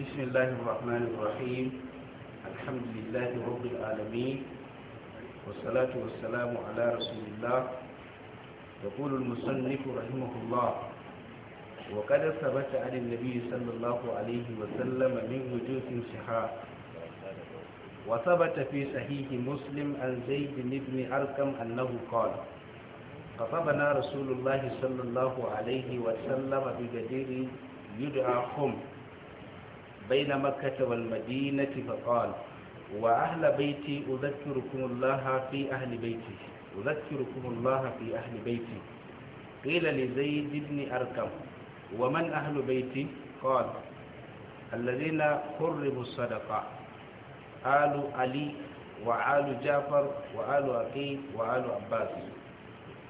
بسم الله الرحمن الرحيم الحمد لله رب العالمين والصلاة والسلام على رسول الله يقول المصنف رحمه الله وقد ثبت عن النبي صلى الله عليه وسلم من وجوه صحاح وثبت في صحيح مسلم عن زيد بن أركم أنه قال خطبنا رسول الله صلى الله عليه وسلم بجدير يدعى خمس بين مكة والمدينة فقال وأهل بيتي أذكركم الله في أهل بيتي أذكركم الله في أهل بيتي قيل لزيد بن أركم ومن أهل بيتي قال الذين قربوا الصدقة آل علي وآل جعفر وآل أقيل وآل عباس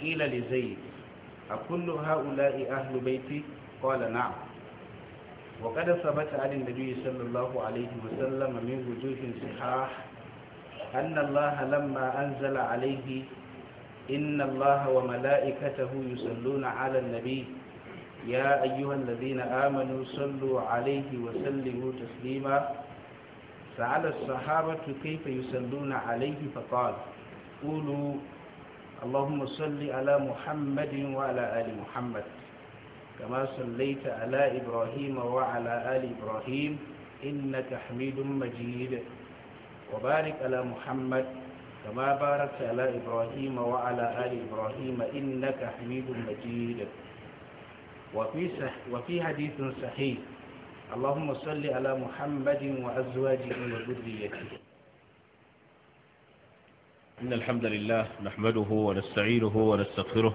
قيل لزيد أكل هؤلاء أهل بيتي قال نعم وقد ثبت عن النبي صلى الله عليه وسلم من وجوه صحاح أن الله لما أنزل عليه إن الله وملائكته يصلون على النبي يا أيها الذين آمنوا صلوا عليه وسلموا تسليما سأل الصحابة كيف يصلون عليه فقال قولوا اللهم صل على محمد وعلى آل محمد كما صليت على إبراهيم وعلى آل إبراهيم إنك حميد مجيد وبارك على محمد كما باركت على إبراهيم وعلى آل إبراهيم إنك حميد مجيد وفي, صح وفي حديث صحيح اللهم صل على محمد وأزواجه وذريته إن الحمد لله نحمده ونستعينه ونستغفره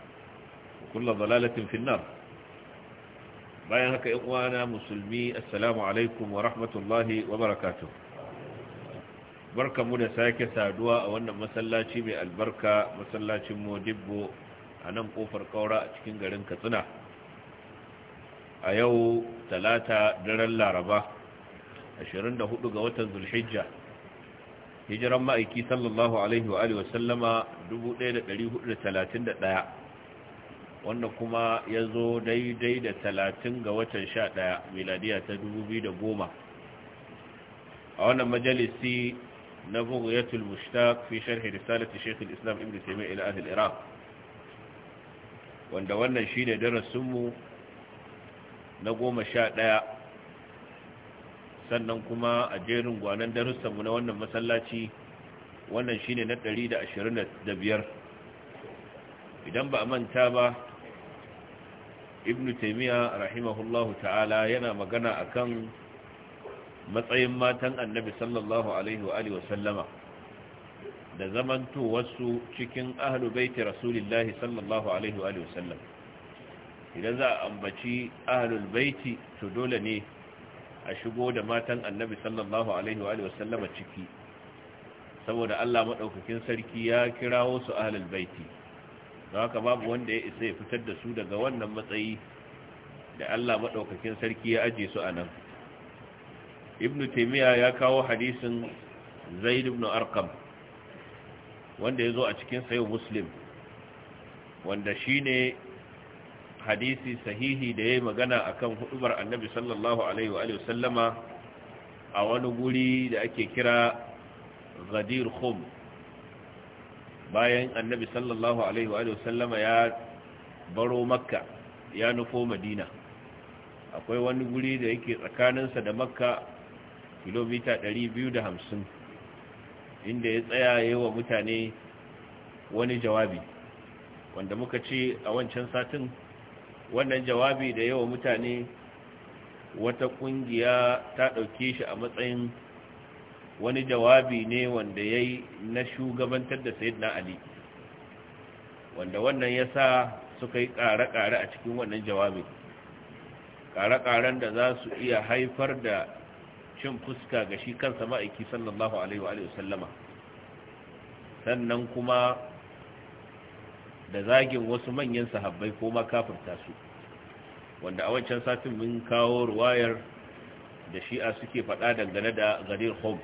kullum dalalatin finnar bayan haka yan uwana musulmi assalamu alaikum wa rahmatullahi wa barakatuh barkamu da sake saduwa a wannan masallaci mai albarka masallacin modibbo a nan kofar kaura a cikin garin katsina a yau talata daren laraba 24 ga watan zulhijja hijiran ma'aiki sallallahu alaihi wa sallama 1431 wanda kuma ya zo daidai da talatin ga watan sha ɗaya miladiya ta dubu biyu da goma. a wannan majalisi na Bugu ya tulmushta fi sharhi risalati shaykh al-islam ibn taymiyyah ila ahil iraq wanda wannan shine darasin mu na goma sha ɗaya sannan kuma a jerin gwanon darussanmu na wannan masallaci wannan shine na ɗari da ashirin da biyar. idan ba a manta ba ibn taimiyya rahimahullahu ta'ala yana magana akan matsayin matan annabi sallallahu alaihi wa alihi wasallama da zamanto wasu cikin ahlu baiti rasulillahi sallallahu alaihi wa alihi wasallam idan za a ambaci ahlul baiti to dole ne a shigo da matan annabi sallallahu alaihi wa wasallama ciki saboda Allah madaukakin sarki ya kirawo su ahlul baiti don haka babu wanda ya isa ya fitar da su daga wannan matsayi da Allah maɗaukakin sarki ya aje su a nan ibn taimiyya ya kawo hadisin zaid ibn arkam wanda ya zo a cikin sayo muslim wanda shine hadisi sahihi da ya yi magana akan hudubar annabi sallallahu alaihi wa sallama a wani guri da ake kira ghadir khum bayan annabi sallallahu alaihi wa sallama ya baro makka ya nufo madina akwai wani guri da yake tsakaninsa da makka kilomita 250 inda ya tsaya yi wa mutane wani jawabi wanda muka ce a wancan satin wannan jawabi da yawa mutane wata kungiya ta ɗauke shi a matsayin wani jawabi ne wanda ya yi na shugabantar da sayyidina ali wanda wannan ya sa suka yi ƙare-ƙare a cikin wannan jawabin ƙare-ƙaren da za su iya haifar da cin fuska ga shi kansa ma'aiki sallallahu alaihi wa sallama sannan kuma da zagin wasu manyan sahabbai ko kafirta su wanda a wancan satin mun kawo ruwayar da shi'a suke faɗa dangane da gadir home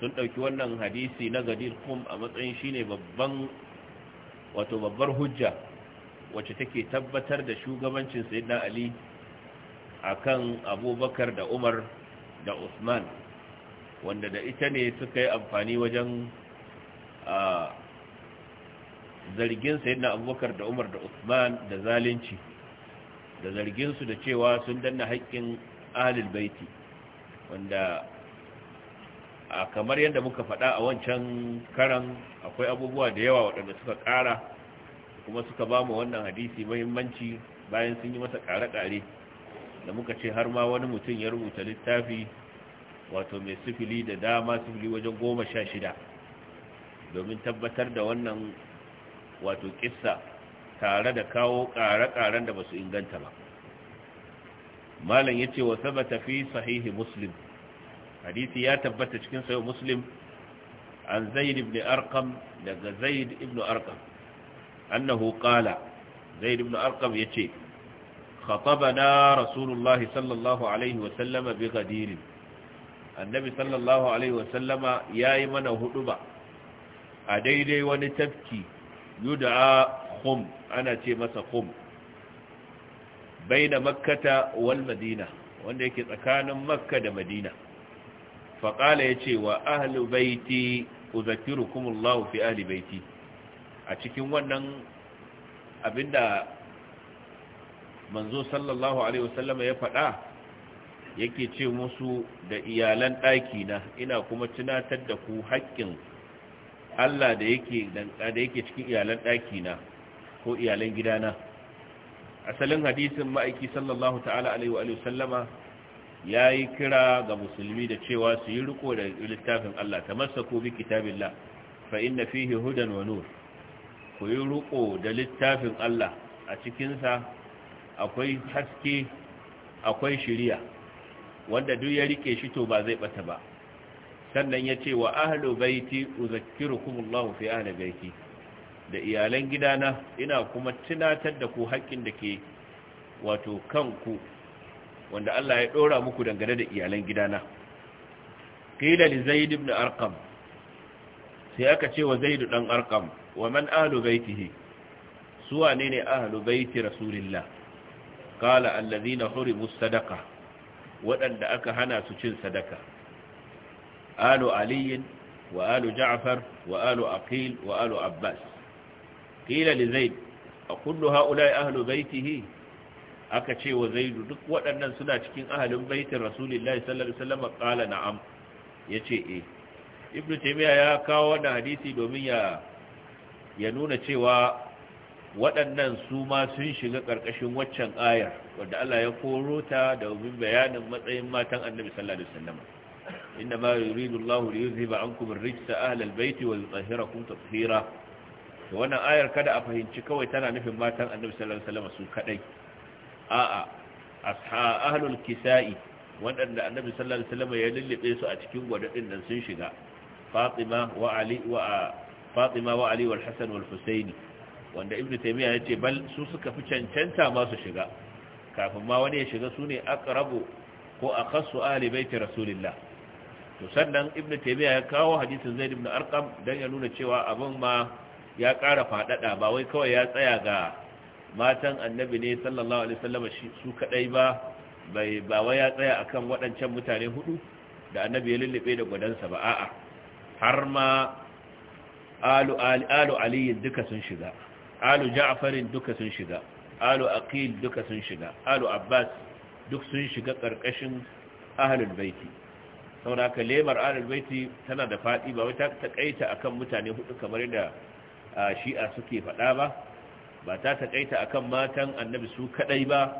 sun ɗauki wannan hadisi na gadir kum a matsayin shine babban wato babbar hujja wacce take tabbatar da shugabancin sayyidina ali akan abubakar da umar da usman wanda da ita ne suka yi amfani wajen a zargin sayyidina abubakar da umar da usman da zalunci da zarginsu da cewa sun danna haƙƙin ahlul baiti wanda a kamar yadda muka faɗa a wancan karan akwai abubuwa da yawa waɗanda suka ƙara kuma suka ba mu wannan hadisi mahimmanci bayan sun yi masa ƙare-ƙare da muka ce har ma wani mutum ya rubuta littafi wato mai sifili da dama sifili wajen goma sha shida domin tabbatar da wannan wato kissa tare da kawo ƙare-ƙaren da ba su inganta ba malam ya ce wa sabata fi sahihi muslim hadisi ya tabbata cikin sayo muslim an zaid ibn arqam daga zaid ibn arqam annahu qala zaid ibn arqam yace khatabana rasulullahi sallallahu alaihi wa sallama bi ghadir annabi sallallahu alaihi wa sallama yayi mana huduba a daidai wani tafki yud'a khum ana ce masa khum baina makkata wal madina wanda yake tsakanin makka da madina faƙala ya ce wa ahlu baiti uzakirukumullahu fi ahli baiti a cikin wannan abinda manzo sallallahu alaihi wasallama ya faɗa yake ce musu da iyalan ɗaki na ina kuma tunatar da ku haƙƙin Allah da yake da yake cikin iyalan ɗaki na ko iyalan gidana asalin hadisin ma'aiki sallallahu ta'ala alaihi wa sallama ya yi kira ga musulmi da cewa su yi riko da littafin Allah ta masa ko bi La fa inna fihi hudan wa nur ku yi riko da littafin Allah a cikinsa akwai haske akwai shiriya wanda duk ya rike shi to ba zai bata ba sannan ya ce wa ahlu baiti Allah fi ahli baiti da iyalan gidana ina kuma tunatar da ku haƙƙin da ke wato kanku wanda Allah ya ɗora muku dangane da iyalan gidana na? li zaid ibn arqam sai aka ce wa zaid dan arqam wa man ahlu baitihi su wanene ne ahlu baiti rasulillah kala alladhina hurimu sadaqa waɗanda aka hana su cin sadaka alu aliyin wa alu ja'far wa alu aqil wa alu abbas qila li zaid a kullu ha'ula'i ahlu baitihi aka ce wa zaidu duk waɗannan suna cikin ahalin baitin rasulullahi sallallahu alaihi wasallam qala na'am yace eh ibnu ya kawo wannan hadisi domin ya nuna cewa waɗannan su ma sun shiga ƙarƙashin waccan ayar wadda Allah ya koro ta da bayanin matsayin matan annabi sallallahu alaihi wasallam inna ma yuridu Allahu wannan ayar kada a fahimci kawai tana nufin matan annabi sallallahu alaihi wasallam su kadai a'a ahlul kisa'i waɗanda annabi sallallahu alaihi wasallam ya lullube su a cikin gwadadin nan sun shiga fatima wa ali wa fatima wa ali wal hasan wal Husayn wanda ibnu taymiya yace bal su suka fi cancanta masu shiga kafin ma wani ya shiga sune ne aqrabu ko akhassu ahli baiti rasulillah to sannan ibnu taymiya ya kawo hadisin zaid ibn arqam dan ya nuna cewa abin ma ya ƙara faɗaɗa ba wai kawai ya tsaya ga matan annabi ne sallallahu alaihi wasallam su kadai ba bai ba wai ya tsaya akan waɗancan mutane hudu da annabi ya lullube da gudansa ba a'a har ma alu alu ali duka sun shiga alu ja'farin duka sun shiga alu aqil duka sun shiga alu abbas duk sun shiga karkashin ahlul baiti saboda ka lemar ahlul baiti tana da fadi ba wai ta takaita akan mutane hudu kamar da shi'a suke faɗa ba ba ta takaita akan matan annabi su kadai ba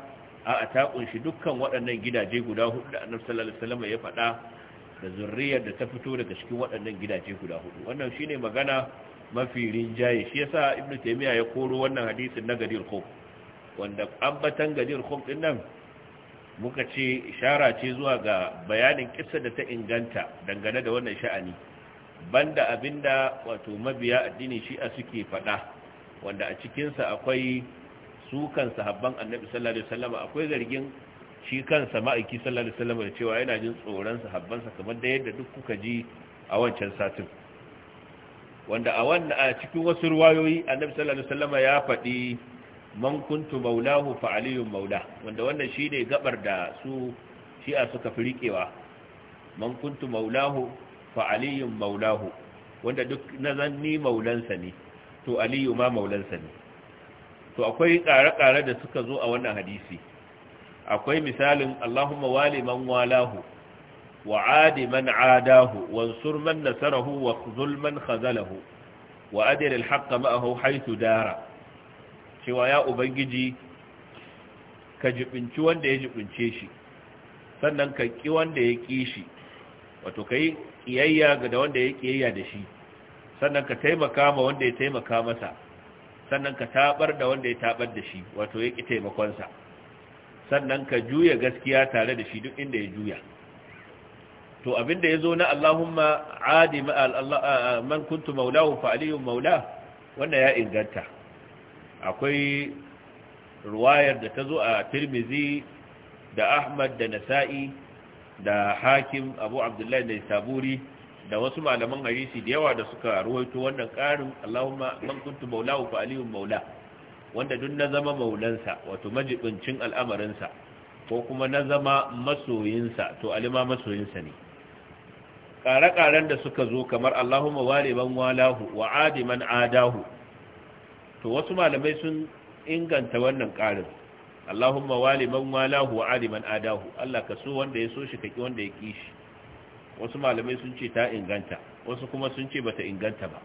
a ta kunshi dukkan waɗannan gidaje guda hudu da annabi sallallahu alaihi ya faɗa da zurriyar da ta fito daga cikin waɗannan gidaje guda hudu wannan shine magana mafi rinjaye shi yasa ibnu taymiya ya koro wannan hadisin na gadir khum wanda ambatan gadir khum din nan muka ce ishara ce zuwa ga bayanin kissa da ta inganta dangane da wannan sha'ani banda abinda wato mabiya addini shi'a suke faɗa wanda a cikinsa akwai sukan sahabban annabi sallallahu alaihi wasallam akwai zargin shi kansa ma'aiki sallallahu alaihi wasallam da cewa yana jin tsoron sa kamar da yadda duk kuka ji a wancan satin wanda a wannan a cikin wasu ruwayoyi annabi sallallahu alaihi wasallam ya faɗi man kuntu maulahu fa aliyun maula wanda wannan shine gabar da su a suka fi riƙewa man kuntu maulahu fa aliyun maulahu wanda duk nazanni maulansa ne to aliyu ma maulansa ne to akwai ƙare-ƙare da suka zo a wannan hadisi akwai misalin Allahumma wali man walahu wa adi man adahu wansur man nasarahu wa zulman khazalahu wa adil al ma'ahu haythu dara cewa ya ubangiji ka jibinci wanda ya jibince shi sannan ka ki wanda ya ki shi wato kai kiyayya ga da wanda ya kiyayya da shi sannan ka taimaka ma wanda ya taimaka masa sannan ka tabar da wanda ya tabar da shi wato ya ki taimakonsa sannan ka juya gaskiya tare da shi duk inda ya juya to abinda ya zo na Allahumma adi man kuntu maulahu fa aliyun maula wannan ya inganta akwai ruwayar da ta zo a tirmizi da ahmad da nasa'i da hakim abu abdullahi da saburi da wasu malaman hadisi da yawa da suka ruwaito wannan ƙarin Allahumma man kuntu maulahu fa aliyun maula wanda duk na zama maulansa wato majibincin al'amarinsa ko kuma na zama masoyinsa to alima masoyinsa ne ƙare-ƙaren da suka zo kamar Allahumma wale walahu wa adi man adahu to wasu malamai sun inganta wannan ƙarin Allahumma wale walahu wa adi man adahu Allah ka so wanda ya so shi kaki wanda ya shi. wasu malamai sun ce ta inganta wasu kuma sun ce bata inganta ba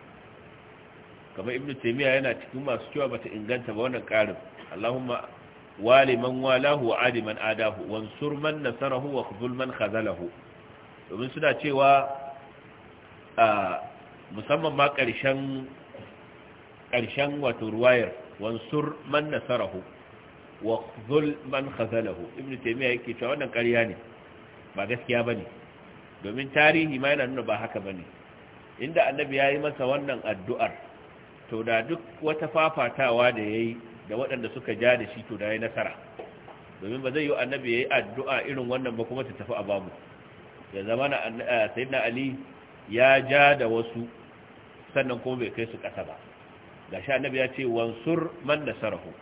kamar ibnu taymiya yana cikin masu cewa bata inganta ba wannan karin Allahumma wali man walahu wa adi adahu wansur man nasarahu wa khudul man khazalahu domin suna cewa a musamman ma karshen karshen wato ruwayar wansur man nasarahu wa khudul man khazalahu ibnu taymiya yake cewa wannan ƙarya ne ba gaskiya bane domin tarihi ma yana nuna ba haka bane inda annabi ya yi masa wannan addu'ar to da duk wata fafatawa da ya da waɗanda suka ja da shi to da ya nasara domin ba zai yi annabi ya yi addu'a irin wannan ba kuma ta tafi a babu ya zama na eh, ali ya ja da wasu sannan kuma bai kai su ƙasa ba ga shi annabi ya ce wansur man nasarahu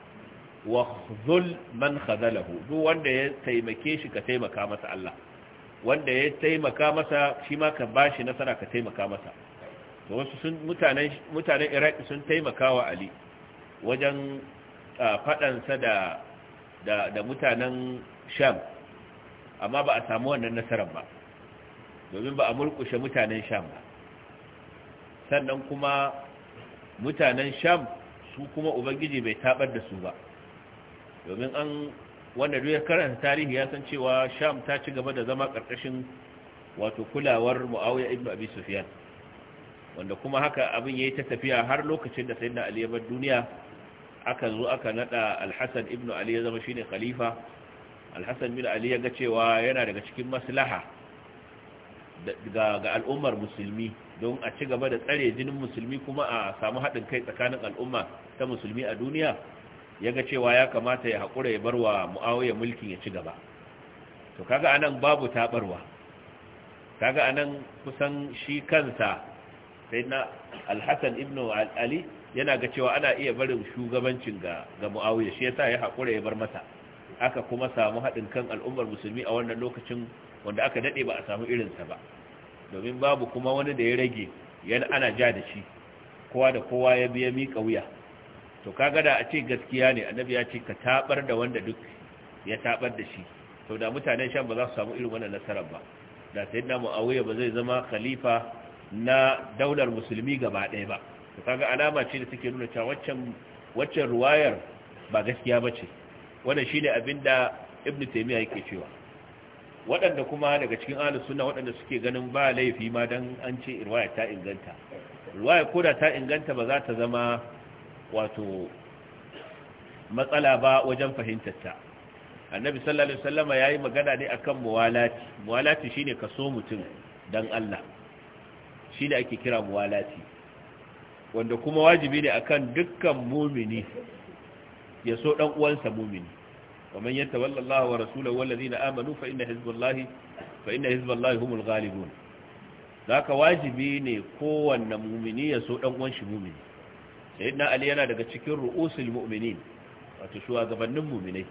wa man khazalahu duk wanda ya taimake shi ka taimaka masa Allah wanda ya taimaka masa shi ma ka bashi nasara ka taimaka masa da wasu sun mutanen mutanen iraki sun taimaka wa ali wajen fadan sa da da mutanen sham amma ba a samu wannan nasarar ba domin ba a mulkushe mutanen sham ba sannan kuma mutanen sham su kuma ubangiji bai tabar da su ba domin an wanda duk ya karanta tarihi ya san cewa sham ta ci gaba da zama karkashin wato kulawar muawiya ibn abi sufyan wanda kuma haka abin ya yi ta tafiya har lokacin da sayyidina ali ya bar duniya aka zo aka nada al-hasan ibn ali ya zama shine khalifa al-hasan bin ali ya ga cewa yana daga cikin maslaha ga ga al'ummar musulmi don a ci gaba da tsare jinin musulmi kuma a samu haɗin kai tsakanin al'umma ta musulmi a duniya ya ga cewa ya kamata ya haƙura ya barwa mu'awiya mulkin ya ci gaba to kaga anan babu taɓarwa kaga anan kusan shi kansa sai na alhassan ibn ali yana ga cewa ana iya barin shugabancin ga ga mu'awiya shi yasa ya haƙura ya bar masa aka kuma samu haɗin kan al'ummar musulmi a wannan lokacin wanda aka daɗe ba a samu irinsa ba domin babu kuma wani da ya rage yana ana ja da shi kowa da kowa ya biya miƙa wuya to kaga da a ce gaskiya ne annabi ya ce ka tabar da wanda duk ya tabar da shi to da mutanen shan ba za su samu irin wannan nasarar ba da sayyidina muawiya ba zai zama khalifa na daular musulmi gaba ɗaya ba to kaga alama ce da take nuna cewa waccan waccan ruwayar ba gaskiya bace wannan shine abinda Ibn taymiya yake cewa waɗanda kuma daga cikin ahlus sunna waɗanda suke ganin ba laifi ma dan an ce ruwaya ta inganta ruwaya koda ta inganta ba za ta zama wato matsala ba wajen fahimtarta annabi sallallahu alaihi wasallam yi magana ne akan muwalati muwalati shine kaso mutum dan Allah shi shine ake kira muwalati wanda kuma wajibi ne akan dukkan mumini ya so dan uwansa mumini ومن يتولى الله ورسوله والذين آمنوا فإن حزب الله فإن حزب الله هم الغالبون ذاك واجبي ne kowanne mumini ya so dan uwan shi mumini sayyidina ali yana daga cikin ru'usul mu'minin wato shuwa gabanin mu'minai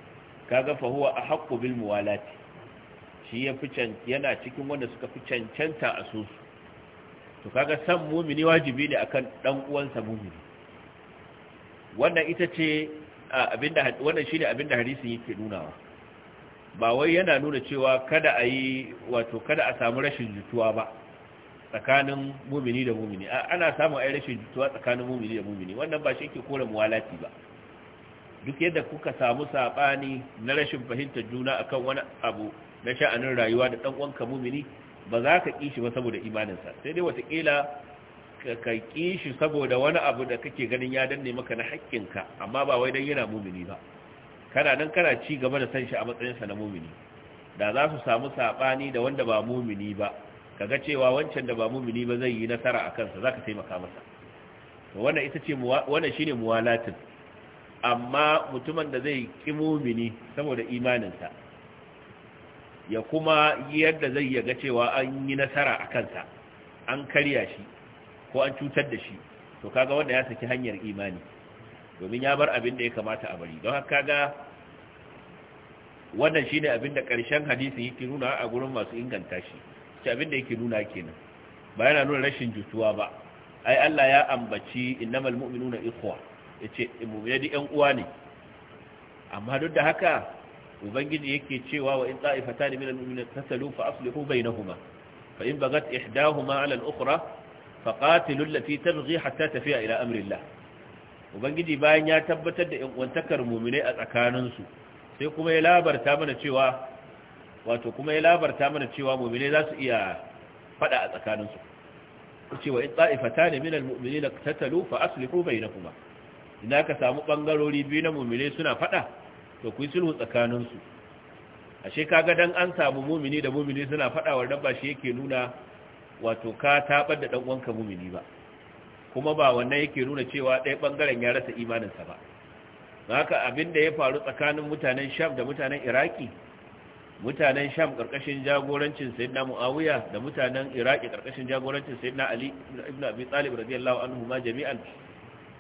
kaga fa huwa ahqqu bil muwalati shi ya fi yana cikin wanda suka fi cancanta a su to kaga san mu'mini wajibi ne akan dan uwansa mu'mini wannan ita ce abinda wannan shine abinda hadisin yake nunawa ba wai yana nuna cewa kada a yi wato kada a samu rashin jituwa ba tsakanin mumini da mumini ana samun ai rashin jituwa tsakanin mumini da mumini wannan ba shi ke kore muwalati ba duk yadda kuka samu sabani na rashin fahimtar juna akan wani abu na sha'anin rayuwa da dan uwanka mumini ba za ka kishi ba saboda imaninsa sai dai watakila ka kishi saboda wani abu da kake ganin ya danne maka na ka amma ba wai dan yana mumini ba kana nan kana ci gaba da san shi a matsayinsa na mumini da za su samu sabani da wanda ba mumini ba kaga cewa wancan da ba mumini ba zai yi nasara a kansa zaka taimaka masa wannan ita ce wannan shine muwalatin amma mutumin da zai ki mumini saboda imaninsa ya kuma yadda zai yaga cewa an yi nasara a kansa an karya shi ko an cutar da shi to kaga wanda ya saki hanyar imani domin ya bar abin da ya kamata a bari don haka kaga wannan shine abin da ƙarshen hadisi yake nuna a gurin masu inganta shi ce abin da yake nuna kenan ba yana nuna rashin jituwa ba ai Allah ya ambaci innamal mu'minuna ikhwa yace mu'mina di yan uwa ne amma duk da haka ubangiji yake cewa wa in ta'ifatan minal mu'minina tasalu fa aslihu bainahuma fa in bagat ihdahuma 'ala al-ukhra faqatilu allati tabghi hatta tafi'a ila amri ubangiji bayan ya tabbatar da yan uwantakar mu'mine a tsakaninsu sai kuma ya labarta mana cewa wato kuma ya labarta mana cewa mu'mini za su iya fada a tsakaninsu cewa in taifata minal min almu'minina tattalu fa aslihu bainakuma idan ka samu bangarori biyu na mu'mini suna fada to ku yi sulhu tsakaninsu ashe kaga dan an samu mu'mini da mu'mini suna fada wa dabba shi yake nuna wato ka tabar da dan uwanka mu'mini ba kuma ba wannan yake nuna cewa ɗaya bangaren ya rasa imaninsa ba haka abin da ya faru tsakanin mutanen sham da mutanen iraki mutanen sham karkashin jagorancin sayyidina muawiya da mutanen iraki karkashin jagorancin sayyidina ali ibn abi talib radiyallahu anhu ma jami'an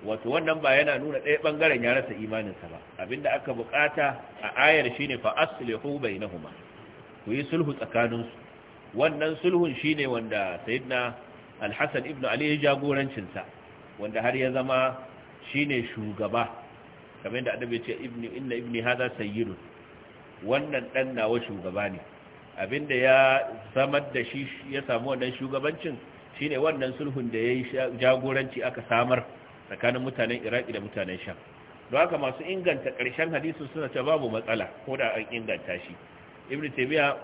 wato wannan ba yana nuna ɗaya bangaren ya rasa imaninsa ba abinda aka bukata a ayar shine fa aslihu bainahuma ku yi sulhu tsakaninsu wannan sulhun shine wanda sayyidina al-hasan ibn ali ya jagorancin sa wanda har ya zama shine shugaba kamar yadda annabi ya ce ibni inna ibni hadha sayyidun wannan ɗan nawa shugaba ne abinda ya samar da shi ya samu wannan shugabancin shine wannan sulhun da ya yi jagoranci aka samar tsakanin mutanen iraki da mutanen sham don haka masu inganta ƙarshen hadisu suna ta babu matsala ko da an inganta shi ibn taymiya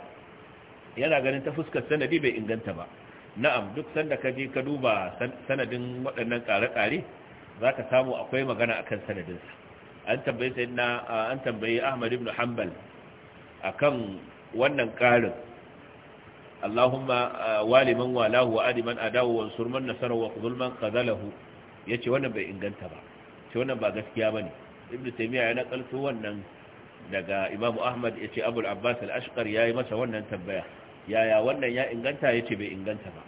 yana ganin ta fuskar sanadi bai inganta ba na'am duk sanda ka je ka duba sanadin waɗannan ƙare-ƙare za ka samu akwai magana akan sanadinsa an tambayi sayyidina an tambayi ahmad ibn hanbal akan wannan karin Allahumma ah, waliman walahu wa adiman adawu wa surman nasara wa zulman qadalahu yace wannan bai inganta ba ce wannan ba gaskiya bane ibnu taymiya ya nakalto wannan daga imam ahmad yace abul abbas al-ashqar yayi masa wannan tambaya yaya wannan ya inganta yace bai inganta ba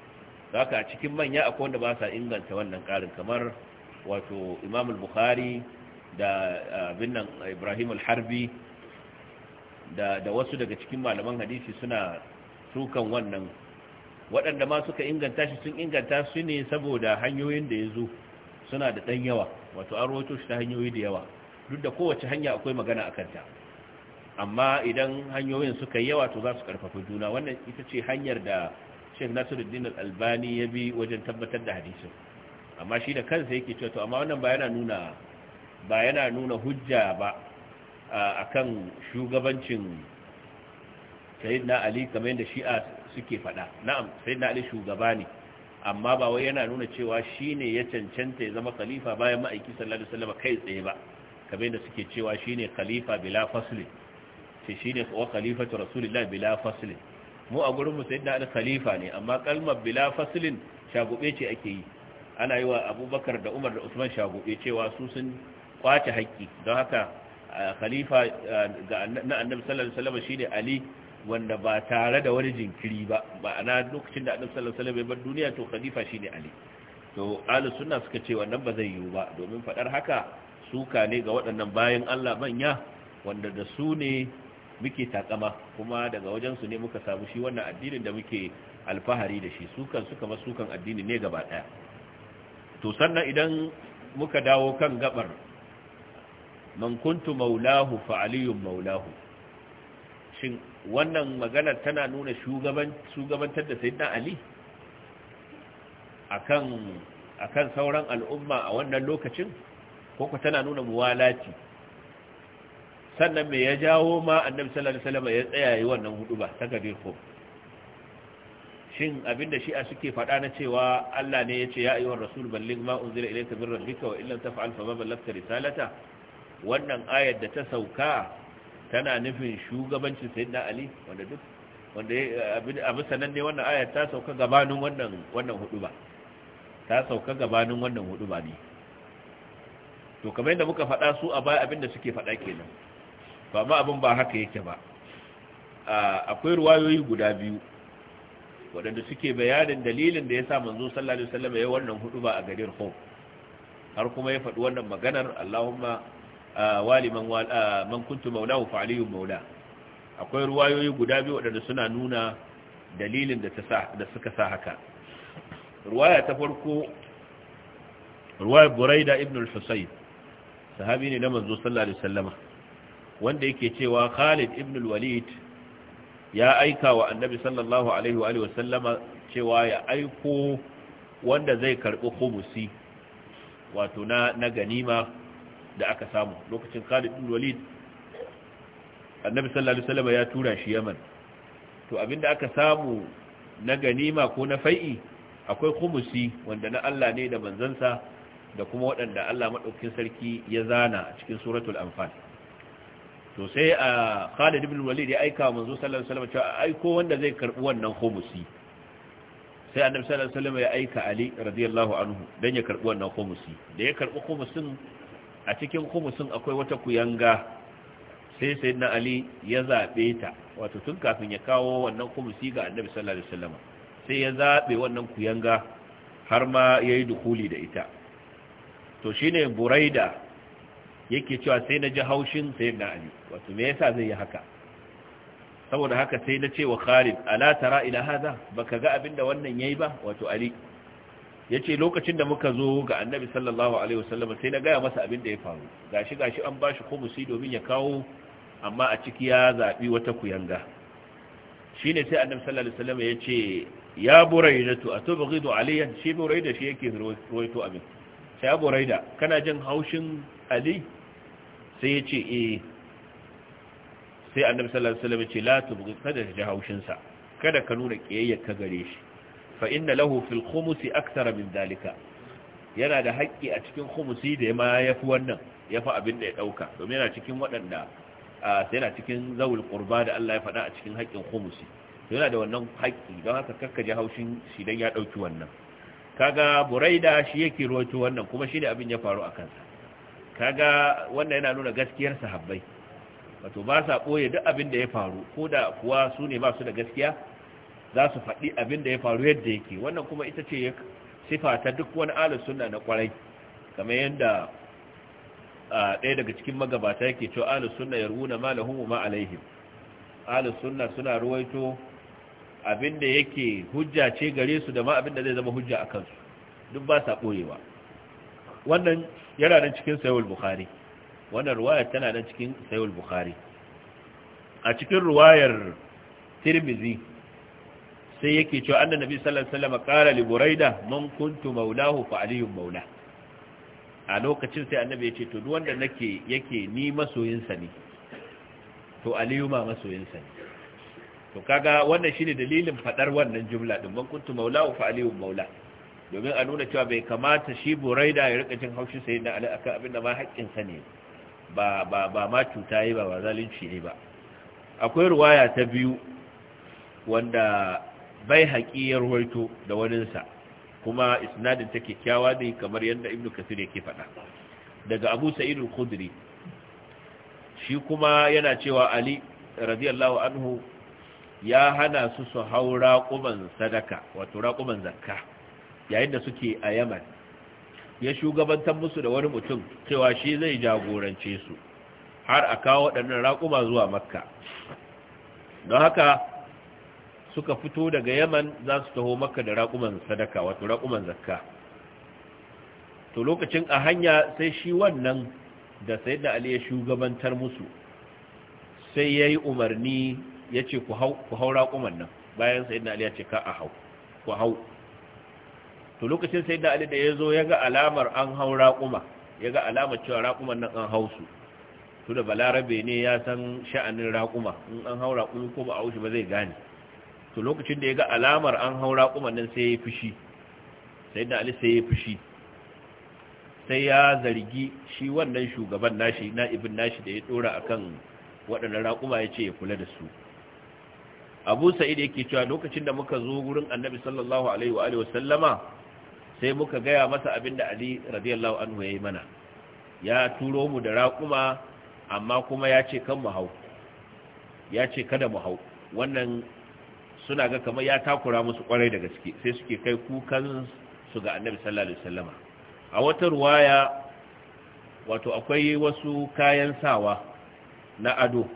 haka a cikin manya akwai wanda ba sa inganta wannan karin kamar wato imam al-bukhari da ah, binnan ibrahim al-harbi da da wasu daga cikin malaman hadisi suna sukan wannan waɗanda ma suka inganta shi sun inganta su ne saboda hanyoyin da ya zo suna da ɗan yawa wato an rawaito shi ta hanyoyi da yawa duk da kowace hanya akwai magana a ta amma idan hanyoyin suka yi yawa to za su karfafi juna wannan ita ce hanyar da sheikh nasiruddin albani ya bi wajen tabbatar da hadisin amma shi da kansa yake cewa to amma wannan ba yana nuna ba yana nuna hujja ba akan shugabancin sayyidina ali kamar yadda shi'a suke faɗa na'am sayyidina ali shugaba ne amma ba wai yana nuna cewa shine ya cancanta ya zama khalifa bayan ma'aiki sallallahu alaihi wasallam kai tsaye ba kamar yadda suke cewa shine khalifa bila fasli ce shine wa khalifatu rasulillahi bila fasli mu a gurin mu sayyidina ali khalifa ne amma kalmar bila faslin shagube ce ake yi ana yi wa abubakar da umar da usman shagube cewa su sun kwace haƙƙi don haka khalifa eh, na annabi sallallahu alaihi wasallam shine ali wanda ba tare da wani jinkiri ba ma'ana lokacin da annabi sallallahu alaihi wasallam ya bar duniya to khalifa shine ali to ahli sunna suka ce wannan ba zai yiwu ba domin fadar haka suka ne ga waɗannan bayan Allah manya wanda da su ne muke takama kuma daga wajen su ne muka samu shi wannan addinin da muke alfahari da shi sukan suka masukan addini ne gaba daya to sannan idan muka dawo kan gabar man kuntu maulahu fa aliyun maulahu shin wannan magana tana nuna shugabantar da sayyidina ali akan akan sauran al'umma a wannan lokacin ko tana nuna muwalati sannan me ya jawo ma annabi sallallahu alaihi wasallam ya tsaya yi wannan ba, ta gare ko shin abinda shi'a suke faɗa na cewa Allah ne ya ce ya ayyuhar rasul balligh ma unzila ilayka min rabbika wa illam taf'al fa ma ballagta risalata wannan ayar da ta sauka tana nufin shugabancin sayyidina ali wanda duk wanda a sanan ne wannan ayar ta sauka gabanin wannan wannan huduba ta sauka gabanin wannan huduba ne to kamar yadda muka faɗa su a baya abinda suke faɗa kenan ba ma abin ba haka yake ba akwai ruwayoyi guda biyu waɗanda suke bayanin dalilin da ya sa manzo sallallahu alaihi wasallam ya wannan huduba a garin Hof har kuma ya faɗi wannan maganar Allahumma wali man kuntu maulahu fa aliyu maula akwai ruwayoyi guda biyu wadanda suna nuna dalilin da da suka sa haka ruwaya ta farko ruwaya buraida ibn al-husayn sahabi ne na manzo sallallahu alaihi wasallama wanda yake cewa Khalid ibn al-Walid ya aika wa annabi sallallahu alaihi wa alihi wasallama cewa ya aiko wanda zai karbi khumusi wato na ganima da aka samu lokacin Khalid bin Walid Annabi sallallahu alaihi wasallam ya tura shi Yaman to abinda aka samu na ganima ko na fai'i akwai khumusi wanda na Allah ne da manzansa da kuma waɗanda Allah madaukakin sarki ya zana cikin suratul anfal to sai a Khalid bin Walid ya aika manzo sallallahu alaihi wasallam cewa aiko wanda zai karbi wannan khumusi sai annabi sallallahu alaihi wasallam ya aika Ali radiyallahu anhu dan ya karbi wannan khumusi da ya karbi khumusin a cikin kumusin akwai wata kuyanga sai na ali ya zaɓe ta wato tun kafin ya kawo wannan kumusi ga annabi sallallahu alaihi wasallam sai ya zaɓe wannan kuyanga har ma yayi dukuli da ita to shine buraida yake cewa sai na ji haushin na ali wato me yasa zai yi haka saboda haka sai na ce wa kharib ala tara ila hada baka ga abinda wannan yayi ba wato ali yace lokacin da muka zo ga annabi sallallahu alaihi wasallam sai na gaya masa abin da ya faru gashi gashi an bashi kumusi domin ya kawo amma a ciki ya zabi wata kuyanga shine sai annabi sallallahu alaihi wasallam yace ya to atubghidu aliyan shi buraida shi yake ruwaito abin sai ya buraida kana jin haushin ali sai yace eh sai annabi sallallahu alaihi wasallam yace la tubghid kada ka ji haushin sa kada ka nuna kiyayya ka gare shi fa inna lahu fil khumusi min dalika yana da haƙƙi a cikin khumusi da ya ma yafi wannan fi abin da ya ɗauka. domin yana cikin waɗanda yana cikin zawul qurba da Allah ya faɗa a cikin haƙƙin khumusi yana da wannan haƙƙi don haka kakkaje haushin shi dan ya dauki wannan kaga buraida shi yake ruwaito wannan kuma shi ne abin ya faru a kansa kaga wannan yana nuna gaskiyar sahabbai wato ba sa ɓoye duk abin da ya faru ko da kuwa su ne ba su da gaskiya za su faɗi abin da ya faru yadda yake wannan kuma ita ce sifa ta duk wani ahlus sunna na kwarai kamar yadda ɗaya daga cikin magabata yake to ahlus sunna ya ma na ma alaihim ahlus sunna suna ruwaito abin da yake hujja ce gare su da ma abin da zai zama hujja a kansu duk ba sa ɓoyewa. wannan yana nan cikin sayyid bukhari wannan ruwayar tana nan cikin sayyid bukhari a cikin ruwayar tirmizi sai yake cewa annan nabi sallallahu alaihi wasallam kara li buraida man kuntu maulahu fa Aliyu maula a lokacin sai annabi ya ce to duk wanda nake yake ni masoyinsa ne to aliyu ma masoyinsa ne to kaga wannan shine dalilin fadar wannan jumla din man kuntu maulahu fa Aliyu maula domin a nuna cewa bai kamata shi buraida ya rika jin haushi sai da akan abin da ma haƙƙin sa ne ba ba ba ma cuta yi ba ba zalunci ne ba akwai ruwaya ta biyu wanda bai haƙi ya ruwaito da waninsa kuma isnadin ta kyakkyawa ne kamar yadda ibn kasir yake faɗa daga abu sa'idu al shi kuma yana cewa ali radiyallahu anhu ya hana su su hau raƙuman sadaka wato raƙuman zakka yayin da suke a yaman ya shugabantar musu da wani mutum cewa shi zai jagorance su har a kawo waɗannan raƙuma zuwa makka don haka suka fito daga yaman za su taho maka da raƙuman sadaka wato raƙuman zakka to lokacin a hanya sai shi wannan da sai da ali ya shugabantar musu sai ya yi umarni ya ce ku hau raƙuman nan bayan sai da ali ya ce ka a hau ku hau to lokacin sai da ali da ya zo ya ga alamar an hau raƙuma ya ga alamar cewa raƙuman nan an hau su to da balarabe ne ya san sha'anin raƙuma in an hau raƙumi ko ba a wuce ba zai gane to lokacin da ya ga alamar an hau kuma nan sai ya fushi sai da ali sai ya fushi sai ya zargi shi wannan shugaban nashi na'ibin nashi da ya dora akan waɗannan raƙuma ya ce ya kula da su abu sa'id yake cewa lokacin da muka zo gurin annabi sallallahu alaihi wa alihi wasallama sai muka gaya masa abin da ali radiyallahu anhu ya yi mana ya turo mu da raƙuma amma kuma ya ce kan mu hau ya ce kada mu hau wannan suna ga kamar ya takura musu kwarai da gaske sai suke kai kukan su ga annabi sallallahu alaihi wasallam a wata ruwaya wato akwai wasu kayan sawa na ado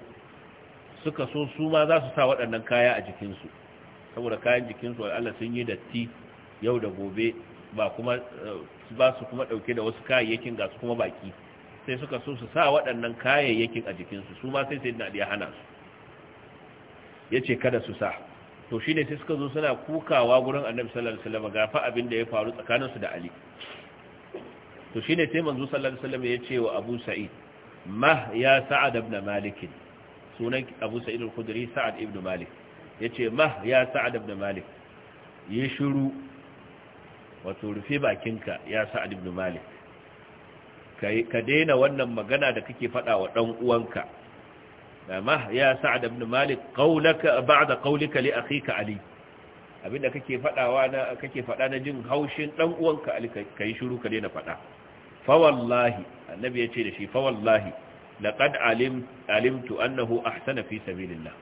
suka so su ma za su sa waɗannan kaya a jikinsu saboda kayan jikinsu Allah sun yi datti yau da gobe ba kuma eh, ba su kuma ɗauke da wasu kayayyakin ga su kuma baki sai suka so su sa waɗannan kayayyakin a jikinsu su ma sai sai na ya hana su ya ce kada su sa to shine sai suka zo suna kukawa gurin annabi sallallahu alaihi wasallam gafa abin da ya faru tsakaninsu da ali to shine sai manzo sallallahu alaihi wasallam ya ce wa abu sa'id ma ya sa'ad ibn malik sunan abu sa'id al-khudri sa'ad ibn malik Ya ce, ma ya sa'ad ibn malik yi shiru wato rufe bakinka ya sa'ad ibn malik ka daina wannan magana da kake faɗa wa ɗan uwanka ma ya sa'ad ibn malik ba qawlaka ba'da qawlika li akhika ali abinda kake fadawa na kake fada na jin haushin ɗan'uwanka Ali ka yi shiru ka daina fada fa wallahi annabi ce da shi fa wallahi laqad alim alimtu annahu ahsana fi sabilillah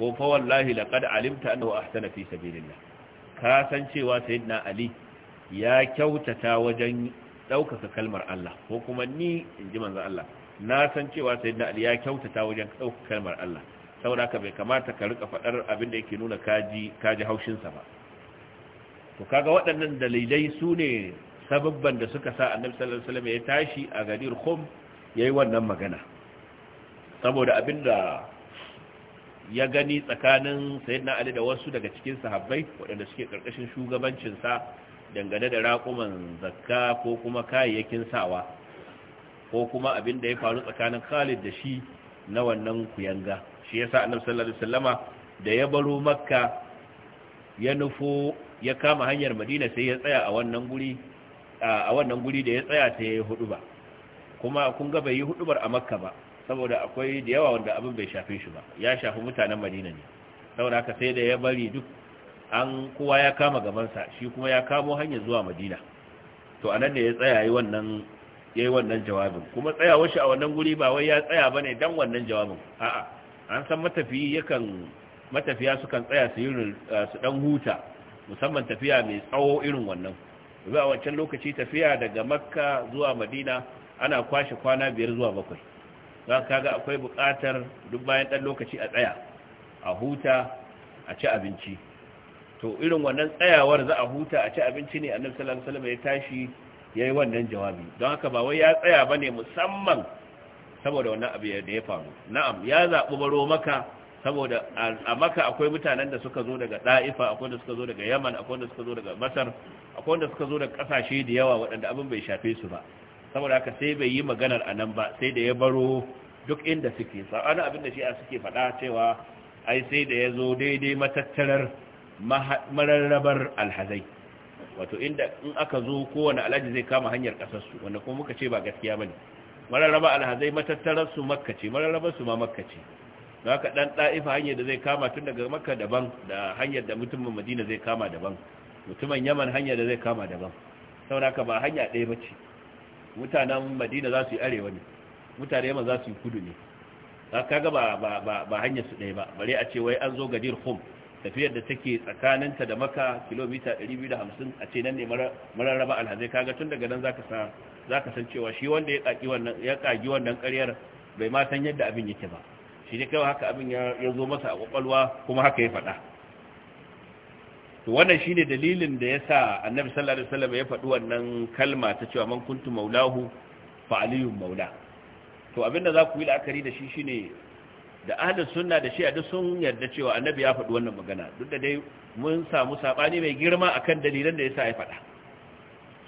ko fa wallahi laqad alimta annahu ahsana fi sabilillah ka san cewa sayyidina ali ya kyautata wajen ɗaukaka kalmar Allah ko kuma ni in ji manzan Allah na san cewa sai ali ya kyautata wajen ɗaukar kalmar Allah saboda haka bai kamata ka rika faɗar abin da yake nuna kaji kaji haushin ba to kaga waɗannan dalilai su ne sababban da suka sa annabi sallallahu alaihi wasallam ya tashi a gadir khum yayi wannan magana saboda abin da ya gani tsakanin sayyidina ali da wasu daga cikin sahabbai waɗanda suke karkashin shugabancin sa dangane da raƙuman zakka ko kuma kayayyakin sawa ko kuma abin da ya faru tsakanin Khalid da shi na wannan kuyanga shi yasa Annabi sallallahu alaihi wasallama da ya baro Makka ya nufo ya kama hanyar Madina sai ya tsaya a wannan guri a wannan guri da ya tsaya ta yi ba kuma kun ga bai yi hudubar a Makka ba saboda akwai da yawa wanda abin bai shafe shi ba ya shafi mutanen Madina ne saboda haka sai da ya bari duk an kowa ya kama gabansa shi kuma ya kamo hanyar zuwa Madina to anan ne ya tsaya yi wannan ya yi wannan jawabin kuma tsayawar shi a wannan guri ba wai ya tsaya ba ne don wannan jawabin a'a an san matafiya sukan tsaya su yi ah, su dan huta musamman tafiya mai tsawo irin wannan zuwa wancan lokaci tafiya daga makka zuwa madina ana kwashe kwana biyar zuwa bakwai za ka ga akwai buƙatar duk bayan ɗan lokaci a tsaya a huta a ci abinci to irin wannan tsayawar za a huta a ci abinci ne annabi sallallahu alaihi wasallam ya tashi ya yi wannan jawabi don haka ba wai ya tsaya ba ne musamman saboda wannan abu da ya faru na'am ya zaɓi baro maka saboda a maka akwai mutanen da suka zo daga ɗa'ifa akwai da suka zo daga yaman akwai da suka zo daga masar akwai da suka zo daga ƙasashe da yawa waɗanda abin bai shafe su ba saboda haka sai bai yi maganar a nan ba sai da ya baro duk inda suke sa'ana abin da shi a suke faɗa cewa ai sai da ya zo daidai matattarar mararrabar alhazai wato inda in aka zo kowane alhaji zai kama hanyar kasarsu wanda kuma muka ce ba gaskiya bane mararraba alhazai matattarar su makka ce mararraba su ma makka ce don haka dan da'ifa hanyar da zai kama tun daga makka daban da hanyar da mutumin madina zai kama daban mutumin yaman hanyar da zai kama daban Sau da ba hanya ɗaya ba ce mutanen madina za su yi arewa ne mutane yaman za su yi kudu ne za ka ga ba hanyar su ɗaya ba bare a ce wai an zo gadir home tafiyar da take tsakaninta da maka kilomita 250 a ce nan ne mararraba alhazai kaga tun daga nan za ka san cewa shi wanda ya kagi wannan karyar bai ma san yadda abin yake ba shi ne kawai haka abin ya zo masa a kwakwalwa kuma haka ya faɗa Wannan shi ne dalilin da ya sa annabi sallallahu alaihi wasallam ya faɗi wannan kalma ta cewa man kuntu maulahu fa aliyun maula to abinda za ku yi la'akari da shi shine da ahlus sunna da shi a duk sun yarda cewa annabi ya faɗi wannan magana duk da dai mun samu sabani mai girma akan dalilan da yasa ya faɗa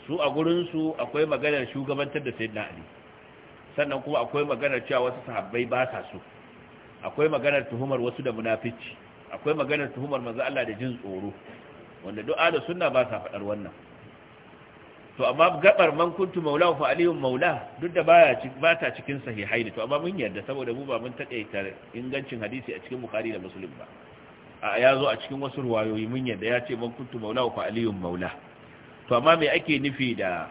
su a gurin su akwai maganar shugabantar da sayyidina ali sannan kuma akwai maganar cewa wasu sahabbai ba sa so akwai maganar tuhumar wasu da munafici akwai maganar tuhumar manzo Allah da jin tsoro wanda duk ahlus sunna ba sa faɗar wannan to amma gabar man kuntu maula fa aliyun maula duk da baya ba ta cikin sahihai to amma mun yarda saboda mu ba mun takaita ingancin hadisi a cikin bukhari da muslim ba a ya zo a cikin wasu ruwayoyi mun yarda ya ce man kuntu maula fa aliyun maula to amma me ake nufi da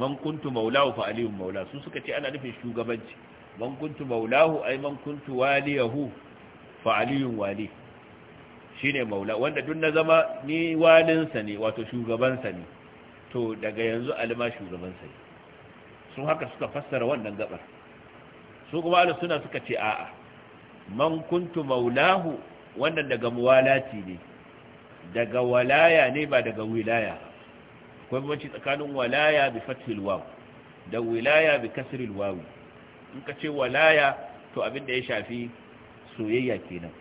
man kuntu maula fa aliyun maula su suka ce ana nufin shugabanci man kuntu maulahu ai man kuntu waliyahu fa aliyun wali shine maula wanda duk na zama ni walinsa ne wato shugabansa ne to daga yanzu alima shugaban sai su haka suka fassara wannan gabar su kuma ahlus sunna suka ce a'a man kuntu maulahu wannan daga muwalati ne daga walaya ne ba daga wilaya akwai bambanci tsakanin walaya bi fathil waw da wilaya bi kasril waw in ka ce walaya to abin da ya shafi soyayya kenan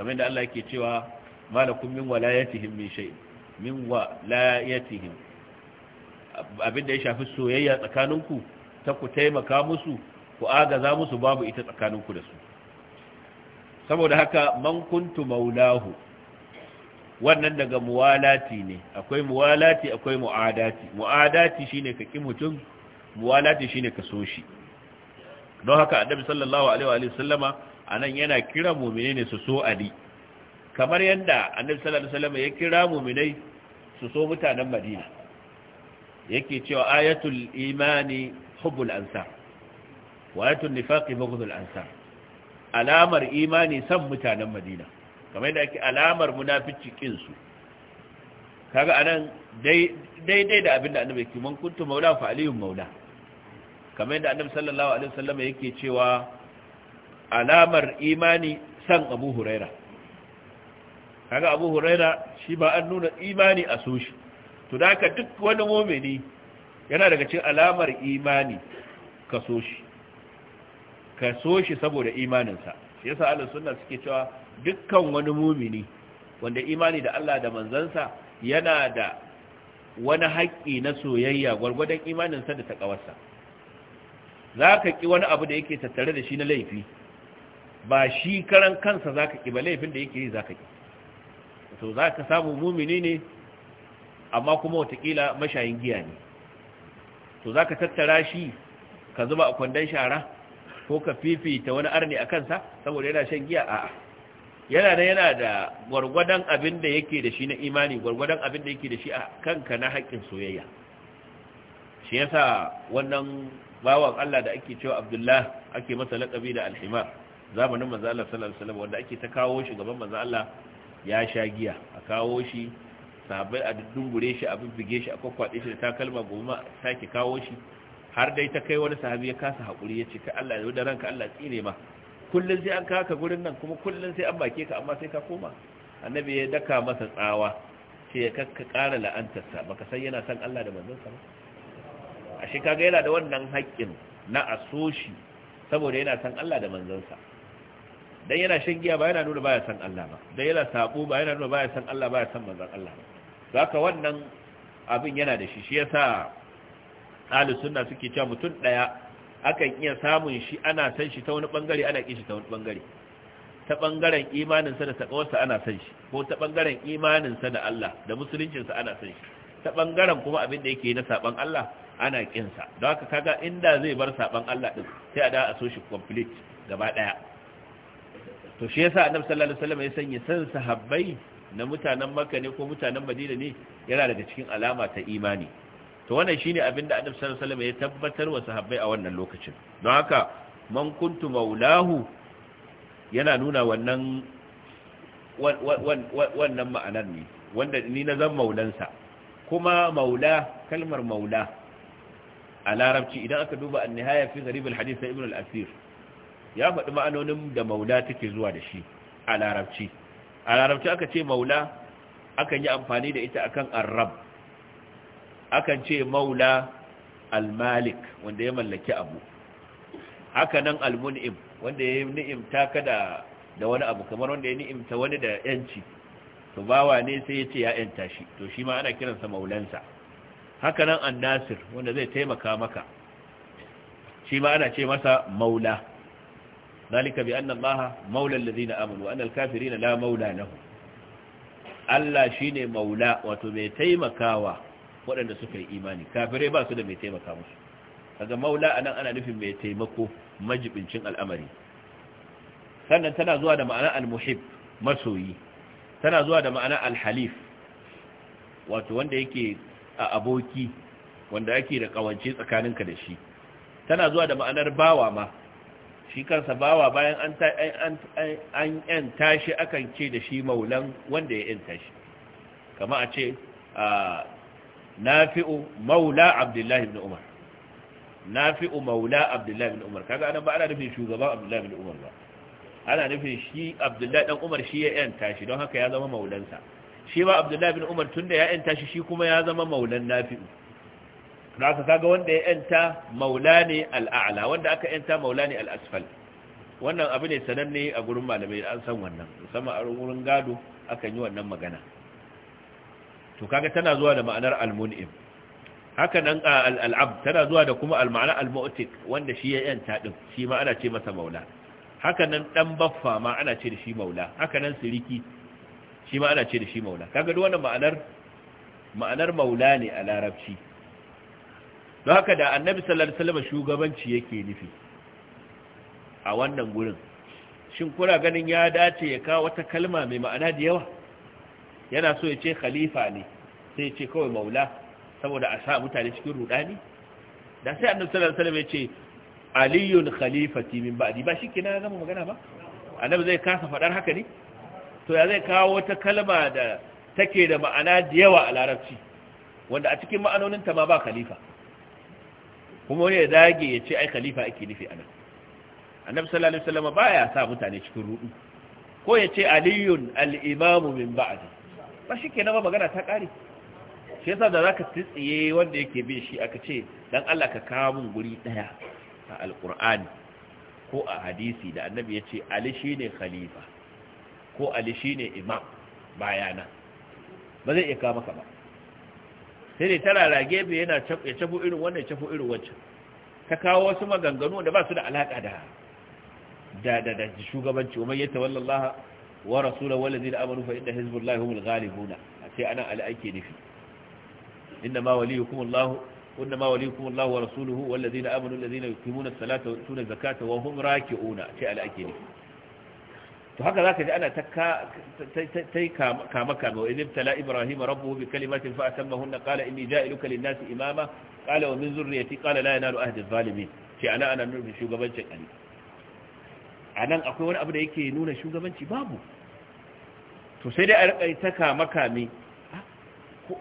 kamar da Allah yake cewa malakum min walayatihim min shay'in min walayatihim abin da ya shafi soyayya tsakaninku ta ku taimaka musu ku agaza musu babu ita tsakaninku da su saboda haka man kuntu maulahu wannan daga muwalati ne akwai muwalati akwai mu'adati mu'adati shine ka ki mutum muwalati shine ka so shi don haka annabi sallallahu alaihi wa sallama anan yana kira mu'mini ne su so ali kamar yadda annabi sallallahu alaihi wasallam ya kira mu'minai su so mutanen Madina yake cewa ayatul imani hubbul ansar wa ayatul nifaqi bughdul ansar alamar imani san mutanen Madina kamar yadda ake alamar munafici kin su kaga anan daidai da abinda annabi yake man kuntu maula fa aliyun maula kamar yadda annabi sallallahu alaihi wasallam yake cewa alamar imani san Abu Huraira. kaga abu huraira shi ba an nuna imani a so shi to da haka duk wani momini yana daga cikin alamar imani ka so shi ka so shi saboda imaninsa shi yasa Allah sunna suke cewa dukkan wani mumini wanda imani da Allah da manzansa yana da wani haƙƙi na soyayya gwargwadon imaninsa da takawarsa za ka ƙi wani abu da yake tattare da shi na laifi ba shi karan kansa za ka ƙi ba laifin da yake yi za ka ƙi to za ka samu mumini ne amma kuma watakila mashayin giya ne to za ka tattara shi ka zuba a kwandon shara ko ka fifita wani arni a kansa saboda yana shan giya a'a yana da yana da gwargwadon abin da yake da shi na imani gwargwadon abin da yake da shi a kanka na haƙƙin soyayya shi yasa wannan bawan Allah da ake cewa Abdullah ake masa laƙabi da alhimar zamanin manzo Allah sallallahu alaihi wasallam wanda ake ta kawo shi gaban manzo Allah ya sha giya a kawo shi sahabbai a dungure shi a bibbige shi a kwakwaɗe shi da takalma goma sake kawo shi har dai ta kai wani sahabi ya kasa haƙuri ya ce ka Allah ya da ranka Allah tsine ma kullun sai an kaka gurin nan kuma kullun sai an bake ka amma sai ka koma annabi ya daka masa tsawa ce ya kakka ƙara la'antarsa baka san yana son Allah da manzonsa ba ashe kaga yana da wannan haƙƙin na asoshi saboda yana son Allah da manzonsa dan yana shan giya ba yana nuna baya san Allah ba dan yana sabo ba yana nuna baya san Allah baya san manzon Allah ba wannan abin yana da shi shi yasa ahli sunna suke cewa mutum daya akan iya samun shi ana san shi ta wani bangare ana kishi ta wani bangare ta bangaren imaninsa da takawarsa ana san shi ko ta bangaren imaninsa da Allah da sa ana san shi ta bangaren kuma abin da yake na saban Allah ana kinsa don haka kaga inda zai bar saban Allah din sai a da a so shi complete gaba daya to shi yasa annabi sallallahu alaihi wasallam ya sanya san sahabbai na mutanen makka ne ko mutanen madina ne yana daga cikin alama ta imani to wannan shine abin da annabi sallallahu alaihi wasallam ya tabbatar wa sahabbai a wannan lokacin don haka man kuntu maulahu yana nuna wannan wannan ma'anar ne wanda ni na zan maulansa kuma maula kalmar maula a larabci idan aka duba a nihaya fi gharib al-hadith ibn al-asir ya faɗi ma'anonin da maula take zuwa da shi a larabci a larabci aka ce maula akan yi amfani da ita akan arrab. akan ce maula almalik wanda ya mallaki abu haka nan almun'im wanda ya ni'imta da da wani abu kamar wanda ya ni'imta wani da yanci to bawa ne sai ya ce ya yanta shi to shi ma ana kiransa maulansa haka nan annasir wanda zai taimaka maka shi ma ana ce masa maula ذلك بأن الله مولى الذين آمنوا وأن الكافرين لا مولى لهم Allah shi ne maula wato mai taimakawa waɗanda suka yi imani kafirai ba su da mai taimaka musu kaga maula a nan ana nufin mai taimako majibincin al'amari sannan tana zuwa da ma'ana al-muhib masoyi tana zuwa da ma'ana al-halif wato wanda yake a aboki wanda ake da kawance tsakaninka da shi tana zuwa da ma'anar bawa ma shi kansa bawa bayan an yanta shi akan ce da shi maulan wanda ya yanta shi kama a ce nafi'u maula abdullahi bin umar nafi'u maula abdullahi bin umar kaga ana ba ana nufin shugaban abdullahi bin umar ba ana nufin shi abdullahi dan umar shi ya yanta shi don haka ya zama maulansa shi ba abdullahi bin umar tunda ya yanta shi shi kuma ya zama maulan nafi'u don haka kaga wanda ya yanta maulani al'a'la wanda aka yanta maulani ne al'asfal wannan abu ne sananne a gurin malamai an san wannan musamman a gurin gado akan yi wannan magana to kaga tana zuwa da ma'anar al-mun'im haka nan al tana zuwa da kuma al-ma'ana al-mu'tik wanda shi ya yanta din shi ma ana ce masa maula haka nan dan baffa ma ana ce da shi maula haka nan siriki shi ma ana ce da shi maula kaga duk wannan ma'anar ma'anar maula ne a larabci don haka da annabi sallallahu alaihi wasallam shugabanci yake nufi a wannan gurin shin kuna ganin ya dace ya kawo wata kalma mai ma'ana da yawa yana so ya ce khalifa ne sai ya ce kawai maula saboda a sa mutane cikin rudani da sai annabi sallallahu alaihi wasallam ya ce aliyun khalifati min ba'di ba shi kina gama magana ba annabi zai kasa fadar haka ne to ya zai kawo wata kalma da take da ma'ana da yawa a larabci wanda a cikin ma'anoninta ma ba khalifa kuma wani ya dage ya ce ai khalifa ake nufi anan annabi sallallahu alaihi wasallam baya sa mutane cikin rudu ko ya ce aliyun al-imamu min ba'di ba shi kenan ba magana ta kare shi yasa da zaka tsitsiye wanda yake bin shi aka ce dan Allah ka kawo mun guri daya a alqur'ani ko a hadisi da annabi ya ce ali shine khalifa ko ali shine imam bayana ba zai iya kawo maka ba sai dai tara rage bai yana ya cafo irin wannan ya cafo irin wancan ta kawo wasu maganganu da ba su da alaka da da shugabanci umar yata wallallaha wa rasulahu wallazina amanu fa inna hizbullahi humul ghalibuna sai ana al'aike nufi inna ma waliyukum Allah inna ma waliyukum Allah wa rasuluhu wallazina amanu allazina yuqimuna as-salata wa yu'tuna az-zakata wa hum raki'una sai al'aike nufi to haka zaka ji ana ta kama kama wa idh tala ibrahim rabbuhu bi kalimatin fa atammahunna qala inni ja'iluka lin-nasi imama qala wa min zurriyyati qala la yanalu ahdi adh-dhalimin ce ana ana nuna shugabanci. ali anan akwai wani abu da yake nuna shugabanci babu to sai dai a rika ta kama kame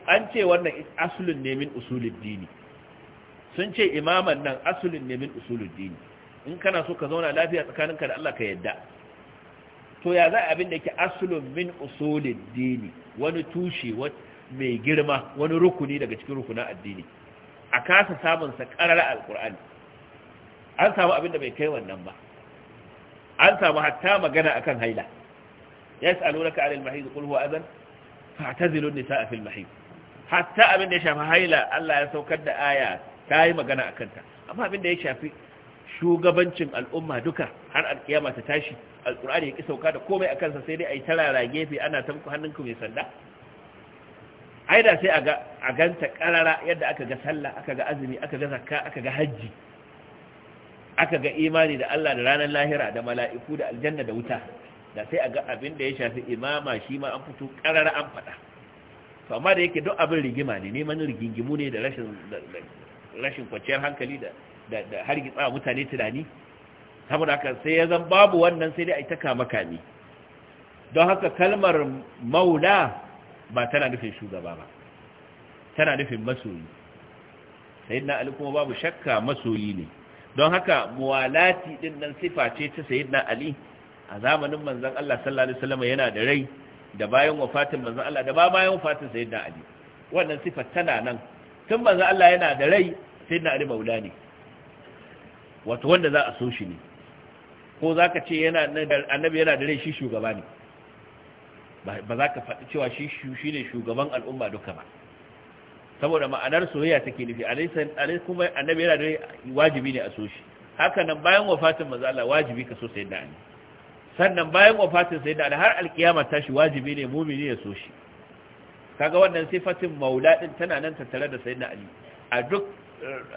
an ce wannan asulun ne min usulid dini sun ce imaman nan asulun ne min usulid dini in kana so ka zauna lafiya tsakaninka da Allah ka yadda to ya za abin da ke asulun min usulin dini wani tushe mai girma wani rukuni daga cikin rukunan addini a kasa samunsa ƙarar alƙur'ani an samu abin da bai kai wannan ba an samu hatta magana akan haila ya sa'alu naka alil mahiz qul huwa adhan fa'tazilu an-nisaa fil mahiz hatta abin da ya shafi haila Allah ya saukar da aya ta yi magana akan ta amma abin da ya shafi shugabancin al'umma duka har alkiyama ta tashi alkur'ani ya ki sauka da komai a kansa sai dai a yi tarara gefe ana tamku hannunku mai sanda ai da sai a ganta karara yadda aka ga sallah aka ga azumi aka ga zakka aka ga hajji aka ga imani da Allah da ranar lahira da mala'iku da aljanna da wuta da sai a ga abin da ya shafi imama shi ma an fito karara an faɗa to amma da yake duk abin rigima ne neman rigingimu ne da rashin rashin kwanciyar hankali da da hargitsa mutane tunani saboda haka sai ya zan babu wannan sai dai a yi ta kama kame don haka kalmar maula ba tana nufin shugaba ba tana nufin masoyi na ali kuma babu shakka masoyi ne don haka muwalati din nan sifa ce ta na ali a zamanin manzan Allah sallallahu alaihi wasallam yana da rai da bayan wafatin manzan Allah da ba bayan wafatin na ali wannan sifa tana nan tun manzan Allah yana da rai na ali maula ne wato wanda za a so shi ne ko za ka ce annabi yana da rai shi shugaba ne ba za ka faɗi cewa shi ne shugaban al'umma duka ba saboda ma'anar soyayya take nufi alai kuma annabi yana da wajibi ne a so shi haka nan bayan wafatin manzo Allah wajibi ka so sai da annabi sannan bayan wafatin sai da har alkiyama tashi wajibi ne mumini ya so shi kaga wannan sifatin maula din tana nan tattare da sayyidina ali a duk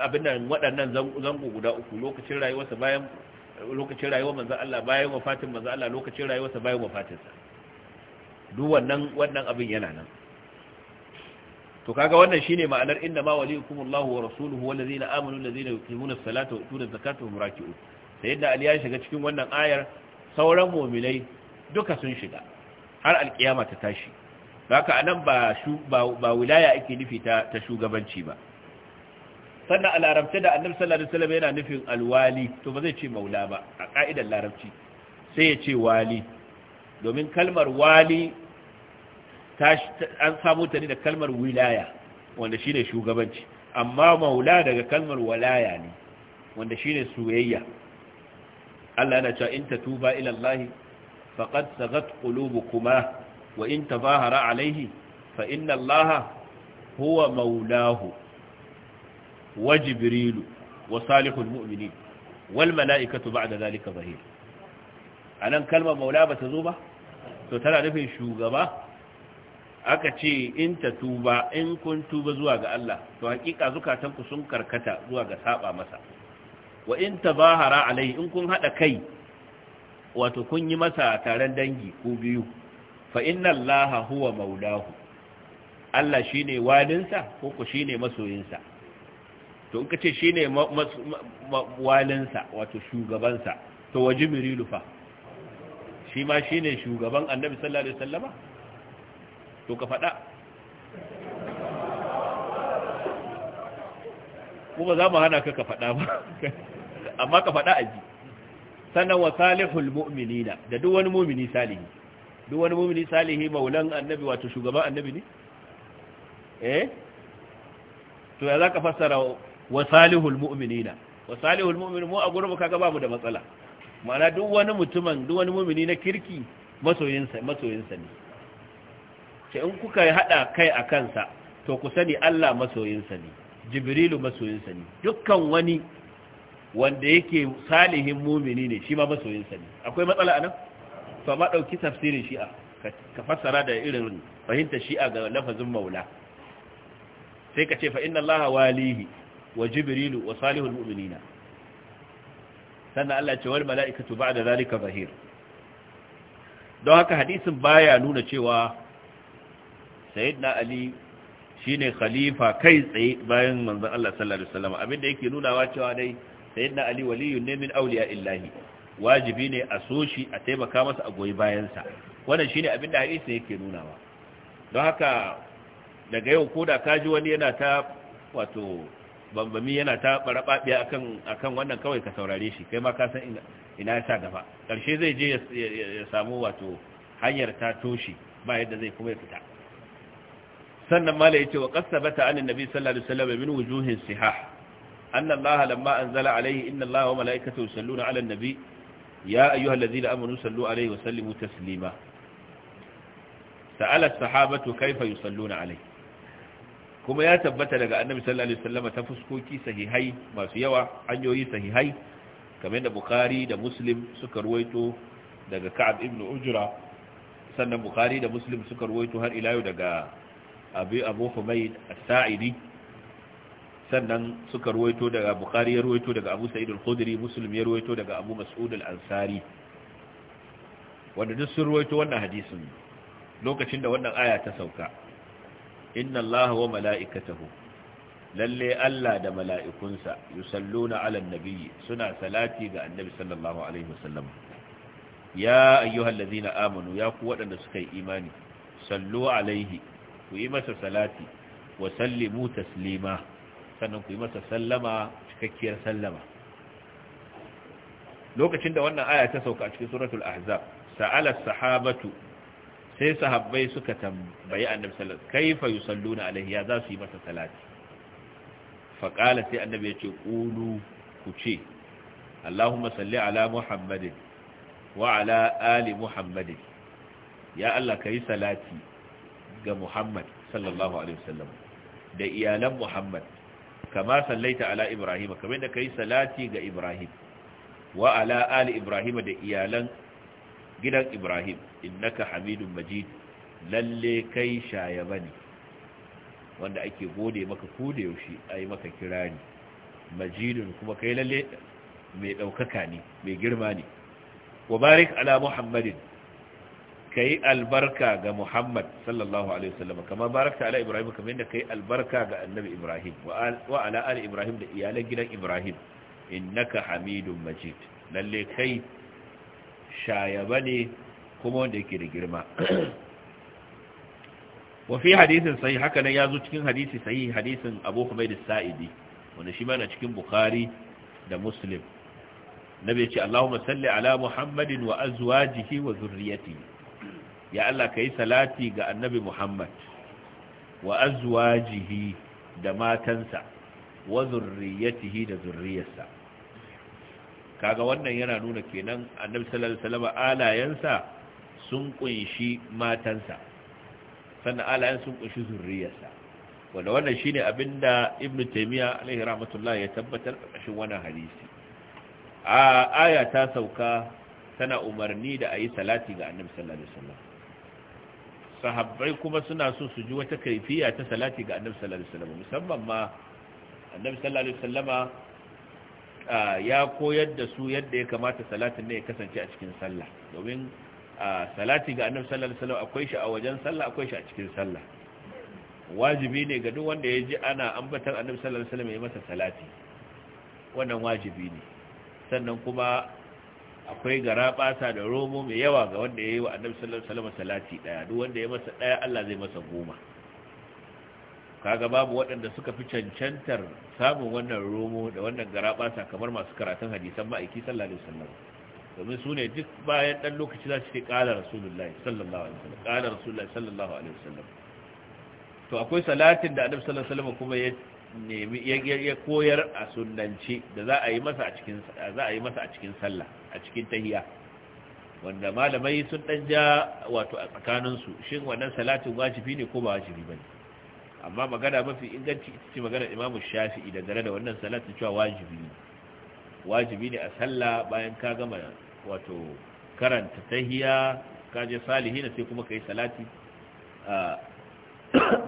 abin da waɗannan zango guda uku lokacin rayuwarsa bayan lokacin rayuwar manzo Allah bayan wafatin manzo Allah lokacin rayuwarsa bayan wafatinsa duk wannan wannan abin yana nan to kaga wannan shine ma'anar inna ma waliyukumullahu wa rasuluhu wallazina amanu allazina yuqimuna as-salata wa yutuna az-zakata wa hum raki'un sayyidina ali ya shiga cikin wannan ayar sauran mu'minai duka sun shiga har alkiyama ta tashi haka anan ba ba wilaya ake nufi ta shugabanci ba sannan a larabce da annabi sallallahu alaihi wasallam yana nufin alwali to ba zai ce maula ba a ka'idar larabci sai ya ce wali domin kalmar wali an samu ta ne da kalmar wilaya wanda shine shugabanci amma maula daga kalmar walaya ne wanda shine soyayya Allah yana cewa in tatuba ila Allah faqad sagat qulubukuma wa in tazahara alayhi fa inna Allah huwa maulahu wa jibrilu wa salihul بعد wal mala'ikatu أنا كلمة مولا anan kalma maula bata akace zo ba to tana shugaba aka ce in ta tuba in kun tuba zuwa ga Allah to hakika zukatanku sun karkata zuwa ga saba masa wa in tabahara alai in kun hada kai wato kun yi masa taron dangi ku biyu fa inna allaha huwa maulahu Allah shine walinsa ko ku shine masoyinsa to in ka ce shi ne walinsa wato shugabansa to wa jibrilu shi ma shi ne shugaban annabi sallallahu alaihi wasallama to ka faɗa kuma za mu hana ka ka faɗa ba amma ka faɗa a ji sannan wa salihul mu'minina da duk wani mu'mini salihi duk wani mu'mini salihi maulan annabi wato shugaban annabi ne eh to ya za ka fassara wa salihul mu'minina wa salihul mu'minin mu a gurin kaga babu da matsala ma'ana duk wani mutumin duk wani mu'mini na kirki masoyinsa masoyinsa ne sai in kuka hada kai a kansa to ku sani Allah masoyinsa ne jibrilu masoyinsa ne dukkan wani wanda yake salihin mu'mini ne shi ma masoyinsa ne akwai matsala anan to ma dauki tafsirin shi'a ka fassara da irin fahimta shi'a ga lafazin maula sai ka ce fa inna allaha walihi wa jibrilu wa salihul mu'minina sannan Allah ce wal mala'ikatu ba'da zalika zahir don haka hadisin baya nuna cewa sayyidina ali shine khalifa kai tsaye bayan manzon Allah sallallahu alaihi wasallam abinda yake nunawa cewa dai sayyidina ali waliyun ne min awliya illahi wajibi ne a a taimaka masa a goyi bayansa wannan shine abinda hadisin yake nunawa don haka daga yau ko da kaji wani yana ta wato bambami yana ta barababiya akan akan wannan kawai ka saurare shi kai ma ka san ina ya sa gaba ƙarshe zai je ya samu wato hanyar ta toshi ba yadda zai kuma ya fita sannan mala yace wa qasabata an annabi sallallahu alaihi wasallam min wujuhin sihah anna allaha lamma anzala alaihi inna allaha wa malaikatahu yusalluna ala annabi ya ayyuhallazina amanu sallu alaihi wa sallimu taslima sa'ala as-sahabatu kayfa yusalluna alaihi kuma ya tabbata daga annabi sallallahu alaihi wasallam ta fuskoki sahihai masu yawa hanyoyi sahihai kamar da bukhari da muslim suka ruwaito daga ka'ab ibn ujra sannan bukhari da muslim suka ruwaito har ila daga abi abu humayd as-sa'idi sannan suka ruwaito daga bukhari ya ruwaito daga abu sa'id al-khudri muslim ya ruwaito daga abu mas'ud al-ansari wanda duk sun ruwaito wannan hadisin lokacin da wannan aya ta sauka inna allaha wa mala'ikatahu lalle Allah da mala'ikunsa na ala nabiyyi suna salati ga annabi sallallahu alaihi wasallam ya ayyuhallazina amanu ya ku waɗanda suka yi imani sallu alaihi ku yi masa salati wa sallimu taslima sannan ku yi masa sallama cikakkiyar sallama lokacin da wannan aya ta sauka a cikin suratul ahzab sa'ala sahabatu sai sahabbai suka tambayi annabi sallallahu alaihi wasallam kaifa yusalluna alaihi ya za su yi masa salati fa qala sai annabi ya ce qulu ku ce Allahumma salli ala Muhammadin wa ala ali Muhammadin ya Allah kai salati ga Muhammad sallallahu alaihi wasallam da iyalan Muhammad kama sallaita ala Ibrahim kamar da kai salati ga Ibrahim wa ala ali Ibrahim da iyalan gidan ibrahim innaka hamidun majid lalle kai shaya bane wanda ake gode maka koda yaushe ai maka kirani majidun kuma kai lalle mai daukaka ne mai girma ne wa barik ala muhammadin kai albarka ga muhammad sallallahu alaihi wasallam kama barakta ala ibrahim kamar yadda kai albarka ga annabi ibrahim wa ala ali ibrahim da iyalan gidan ibrahim innaka hamidun majid lalle kai Shaya ba ne kuma wanda yake da girma wafi hadisin sahih haka nan ya zo cikin hadisi sahih hadisin abu kuma da sa'idi wanda shi mana cikin bukhari da muslim Na bai ce allahumma salli ala muhammadin wa azwajihi wa zurriyati ya allah ka yi salati ga annabi muhammad wa azwajihi da matansa wa zurriyatihi da zurriyarsa kaga wannan yana nuna kenan annabi sallallahu alaihi wasallam alayansa sun kunshi matansa sannan alayansa sun kunshi zurriyarsa wanda wannan shine abinda ibnu taymiya alaihi rahmatullah ya tabbatar kashin wannan hadisi a aya ta sauka tana umarni da ayi salati ga annabi sallallahu alaihi wasallam sahabbai kuma suna so su ji wata kaifiya ta salati ga annabi sallallahu alaihi wasallam musamman ma annabi sallallahu alaihi wasallama ya koyar da su yadda ya kamata salatin ne ya kasance a cikin sallah domin salati ga annabi sallallahu alaihi wasallam akwai shi a wajen sallah akwai shi a cikin sallah wajibi ne ga duk wanda ya ji ana ambatar annabi sallallahu alaihi wasallam ya masa salati wannan wajibi ne sannan kuma akwai gara da romo mai yawa ga wanda ya yi wa annabi sallallahu alaihi wasallam salati daya duk wanda ya masa daya Allah zai masa goma kaga babu waɗanda suka fi cancantar samun wannan romo da wannan garaɓasa kamar masu karatun hadisan ma'aiki sallallahu alaihi wasallam domin su ne duk bayan ɗan lokaci za su ce ƙala rasulullahi sallallahu alaihi wasallam ƙala rasulullahi sallallahu alaihi wasallam to akwai salatin da annabi sallallahu alaihi wasallam kuma ya nemi ya koyar a sunnanci da za a yi masa a cikin za a yi masa a cikin sallah a cikin tahiyya wanda malamai sun dan ja wato a tsakaninsu shin wannan salatin wajibi ne ko ba wajibi bane amma magana mafi inganci ita ce magana imamu shafi'i dangane da wannan salatin cewa wajibi ne wajibi ne a sallah bayan ka gama wato karanta tahiya ka je salihina sai kuma kai salati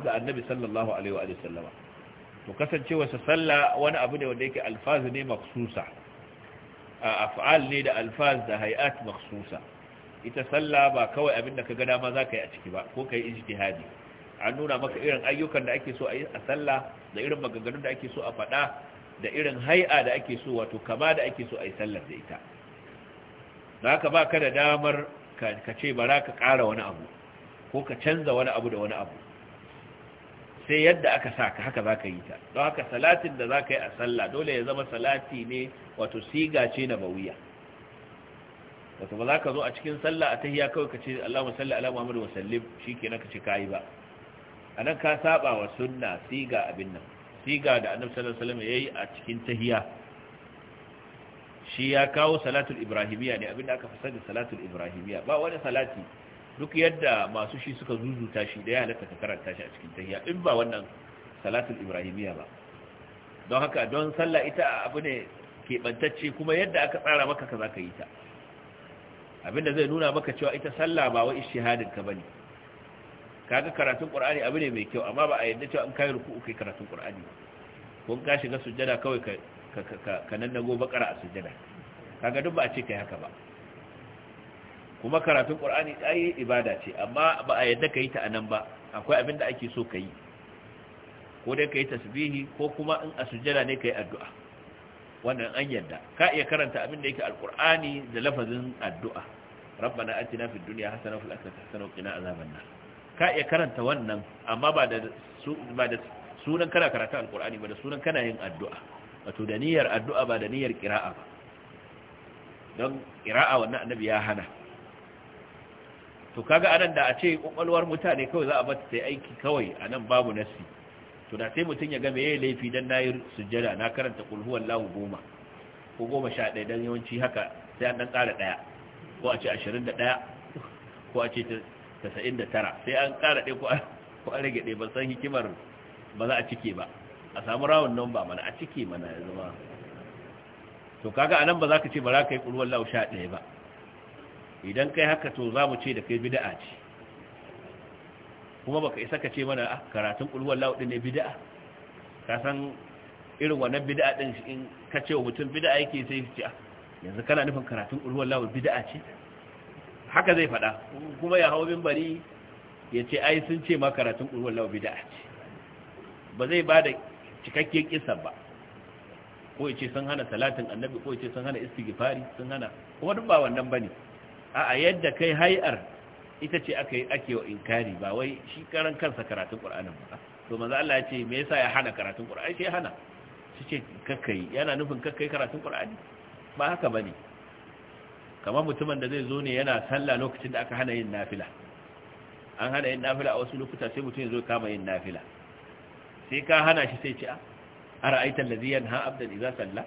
ga annabi sallallahu alaihi wa sallama to kasancewarsa sallah wani abu ne wanda yake alfazu ne maksusa a af'al ne da alfaz da hay'at maksusa ita sallah ba kawai abin da ka ga dama za ka yi a ciki ba ko ka yi ijtihadi an nuna maka irin ayyukan da ake so a yi a sallah da irin maganganun da ake so a faɗa da irin hai'a da ake so wato kama da ake so a yi sallar da ita da ka ba ka da damar ka ce bara ka ƙara wani abu ko ka canza wani abu da wani abu sai yadda aka sa ka haka za ka yi ta don haka salatin da za ka yi a sallah dole ya zama salati ne wato siga ce na bawiya wato ba za ka zo a cikin sallah a tahiya kawai ka ce Allah musalli ala Muhammad shi ke na ka ce yi ba A nan ka saba wa sunna siga abin nan siga da annabi sallallahu alaihi wasallam yayi a cikin tahiya? shi ya kawo salatul ibrahimiyya ne Abin da aka fasar da salatul ibrahimiyya ba wani salati duk yadda masu shi suka zuzuta shi da ya halatta ka karanta shi a cikin tahiya. in ba wannan salatul ibrahimiyya ba don haka don sallah ita abu ne keɓantacce kuma yadda aka tsara maka ka za ka yi ta abinda zai nuna maka cewa ita sallah ba wa ishihadin ka ne. kaga karatun qur'ani abu ne mai kyau amma ba a yadda cewa an kai ruku kai karatun qur'ani kun ka shiga sujjada kawai ka ka nan bakara a sujjada kaga duk ba a ce kai haka ba kuma karatun qur'ani ai ibada ce amma ba a yadda kai ta anan ba akwai abin da ake so kai ko dai kai tasbihi ko kuma in a sujjada ne kai addu'a wannan an yadda ka iya karanta abin da yake alqur'ani da lafazin addu'a ربنا اتنا في الدنيا حسنه وفي الاخره حسنه وقنا عذاب النار ka iya karanta wannan amma ba da sunan kana karatu alkur'ani ba da sunan kana yin addu'a wato da niyyar addu'a ba da niyyar kira'a ba don kira'a wannan annabi ya hana to kaga anan da a ce kwakwalwar mutane kawai za a bata sai aiki kawai anan babu nasi to da sai mutum ya ga yayi laifi dan nayi sujjada na karanta kul huwallahu goma ko goma sha ɗaya dan yawanci haka sai an dan ƙara ɗaya ko a ce ashirin da ɗaya ko a ce 99 sai an ƙara ɗaya ko an rage ɗaya ban san hikimar ba za a cike ba a samu rawun nan ba mana a cike mana ya zama to kaga a nan ba za ka ce ba za ka yi ƙulwar lau sha ɗaya ba idan kai haka to za mu ce da kai bida'a ce kuma baka isa ka ce mana ah, karatun ƙulwar lau ɗin ne bida'a ka san irin wannan bida'a ɗin in ka ce wa mutum bida'a yake sai ce ah, yanzu kana nufin karatun ƙulwar lau bida'a ce haka zai faɗa kuma ya hau mimbari ya ce ai sun ce makaratun ƙulwar laubi da ake ba zai ba da cikakken kisan ba ko ya ce sun hana salatin annabi ko ya ce sun hana istighfari sun hana kuma duk ba wannan ba ne a yadda kai hai'ar ita ce aka yi ake wa inkari ba wai shi karan kansa karatun ƙur'anin ba to manzo Allah ya ce me yasa ya hana karatun ƙur'ani sai ya hana shi ce kakkai yana nufin kakkai karatun ƙur'ani ba haka ba ne. kamar mutumin da zai zo ne yana sallah lokacin da aka hana yin nafila an hana yin nafila a wasu lokuta sai mutum ya zo kama yin nafila sai ka hana shi sai ce ah, a ara'aita allazi ha abdan iza salla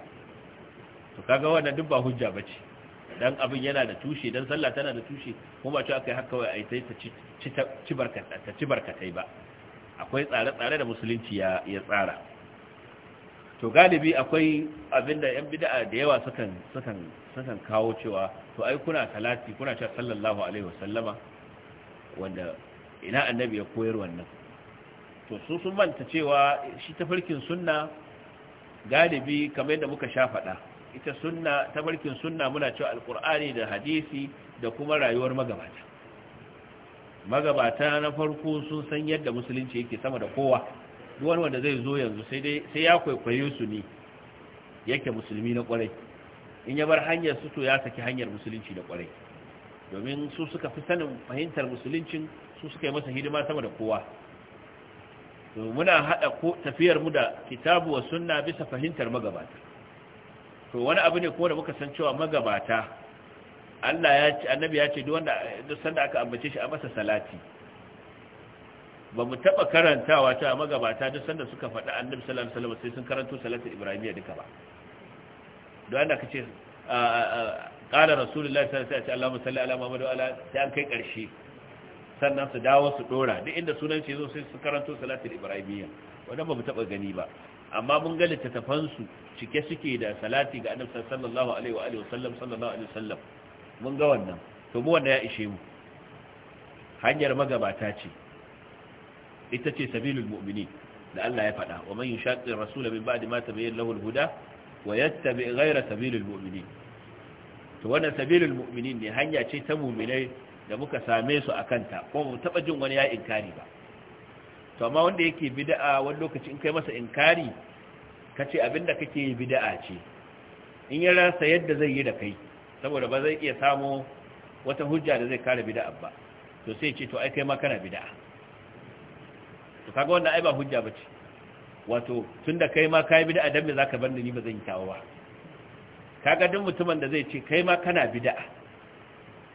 to kaga wannan duk ba hujja bace dan abin yana da tushe dan sallah tana da tushe kuma ba ci akai haka wai ai sai ta ci barkata ci barkatai ba akwai tsare-tsare da musulunci ya ya tsara to galibi akwai abinda yan bid'a da yawa sukan sukan sukan kawo cewa to ai kuna salati kuna cewa sallallahu alaihi wasallama wanda ina annabi ya koyar wannan to su sun manta cewa shi tafarkin sunna galibi kamar yadda muka sha faɗa ita sunna farkin sunna muna cewa alkur'ani da hadisi da kuma rayuwar magabata magabata na farko sun san yadda musulunci yake sama da kowa duk wanda zai zo yanzu sai dai sai ya kwaikwayo su ne yake musulmi na kwarai in ya bar hanyar su to ya saki hanyar musulunci da kwarai domin su suka fi sanin fahimtar musuluncin su suka yi masa hidima sama da kowa to muna hada ko tafiyar mu da kitabu wa sunna bisa fahimtar magabata to wani abu ne ko da muka san cewa magabata Allah ya ce annabi ya ce duk wanda duk sanda aka ambace shi a masa salati ba mu taba karantawa ta magabata duk sanda suka faɗi annabi sallallahu alaihi wasallam sai sun karanto salatin ibrahimiyya duka ba don da kace qala rasulullahi sallallahu alaihi wasallam sai Allahumma musalli ala Muhammad wa ala sai an kai ƙarshe sannan su dawo su dora duk inda sunan ce zo sai su karanto salatul ibrahimiyya wannan ba mu taba gani ba amma mun ga littattafan su cike suke da salati ga annabi sallallahu alaihi wa alihi wasallam sallallahu alaihi sallam. mun ga wannan to mu wanda ya ishe mu hanyar magabata ce ita ce sabilul mu'minin da Allah ya faɗa wa man yushaqqir rasula min ba'di ma tabayyana lahu al-huda wa yattabi ghayra sabilil mu'minin to wannan sabilil mu'minin ne hanya ce ta mu'minai da muka same su akan ta ko mu taba jin wani ya inkari ba to amma wanda yake bid'a wani lokaci in kai masa inkari kace abinda kake yi bid'a ce in ya rasa yadda zai yi da kai saboda ba zai iya samu wata hujja da zai kare bid'a ba to sai ce to ai kai ma kana bid'a to kaga wannan ai ba hujja bace wato tun da kai ma kai bid'a dan me zaka bar ni ba zan yi tawa ba kaga duk mutumin da zai ce kai ma kana bid'a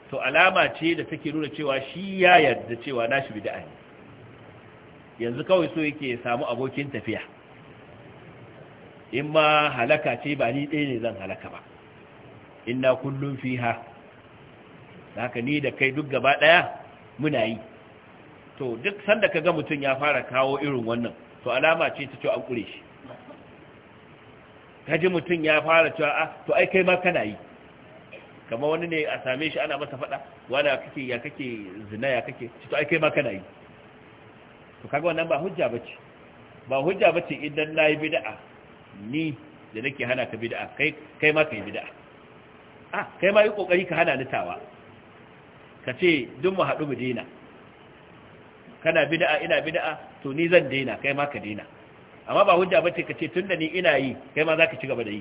to alama ce da take nuna cewa shi ya yarda cewa na shi bid'a ne yanzu kawai so yake ya samu abokin tafiya in ma halaka ce ba ni ɗaya ne zan halaka ba inna kullum fiha haka ni da kai duk gaba ɗaya muna yi to duk sanda ka ga mutum ya fara kawo irin wannan to alama ce ta cewa an kure shi kaji mutum ya fara cewa a ah, to ai kai ma kana yi kamar wani ne a same shi ana masa faɗa wala kake ya kake zina ya kake to ai kai ma kana yi to kaga wannan ba hujja bace ba hujja bace idan nayi bid'a ni da nake hana ka bid'a kai kai ma kai bid'a ah kai ma yi kokari ka hana nitawa ka ce duk mu haɗu mu dina kana bid'a ina bid'a to ni zan daina kai ma ka daina amma ba hujja bace ka tunda ni ina yi kai ma zaka ci gaba da yi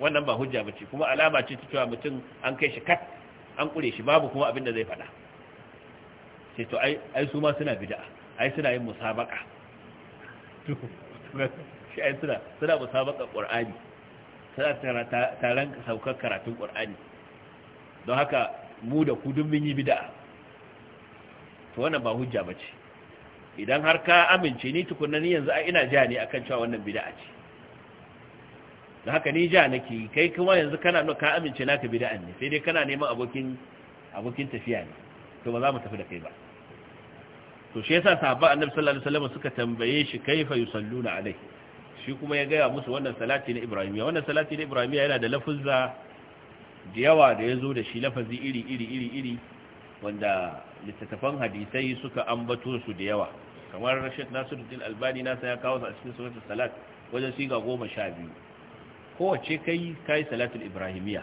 wannan ba hujja bace kuma alama ce ta cewa mutum an kai shi kat an kure shi babu kuma abin da zai fada sai to ai ai su ma suna bid'a ai suna yin musabaka to shi ai suna suna musabaka qur'ani suna taron saukar karatun qur'ani don haka mu da ku duk mun yi bid'a to wannan ba hujja ba ce, idan har ka amince ni tukunna ni yanzu ina ja ne akan cewa wannan bid'a ce da haka ni ja nake kai kuma yanzu kana nuna ka amince naka bid'a ne sai dai kana neman abokin abokin tafiya ne to ba za mu tafi da kai ba to shi yasa sahabba annabi sallallahu alaihi wasallam suka tambaye shi kaifa yusalluna alai shi kuma ya gaya musu wannan salati na ibrahimiya wannan salati na ibrahimiya yana da lafuzza da yawa da ya zo da shi lafazi iri iri iri iri wanda littattafan hadisai suka ambato su da yawa kamar rashid nasiruddin albani nasa ya kawo su a cikin suratul salat wajen siga goma sha biyu kowace kai kai salatul ibrahimiya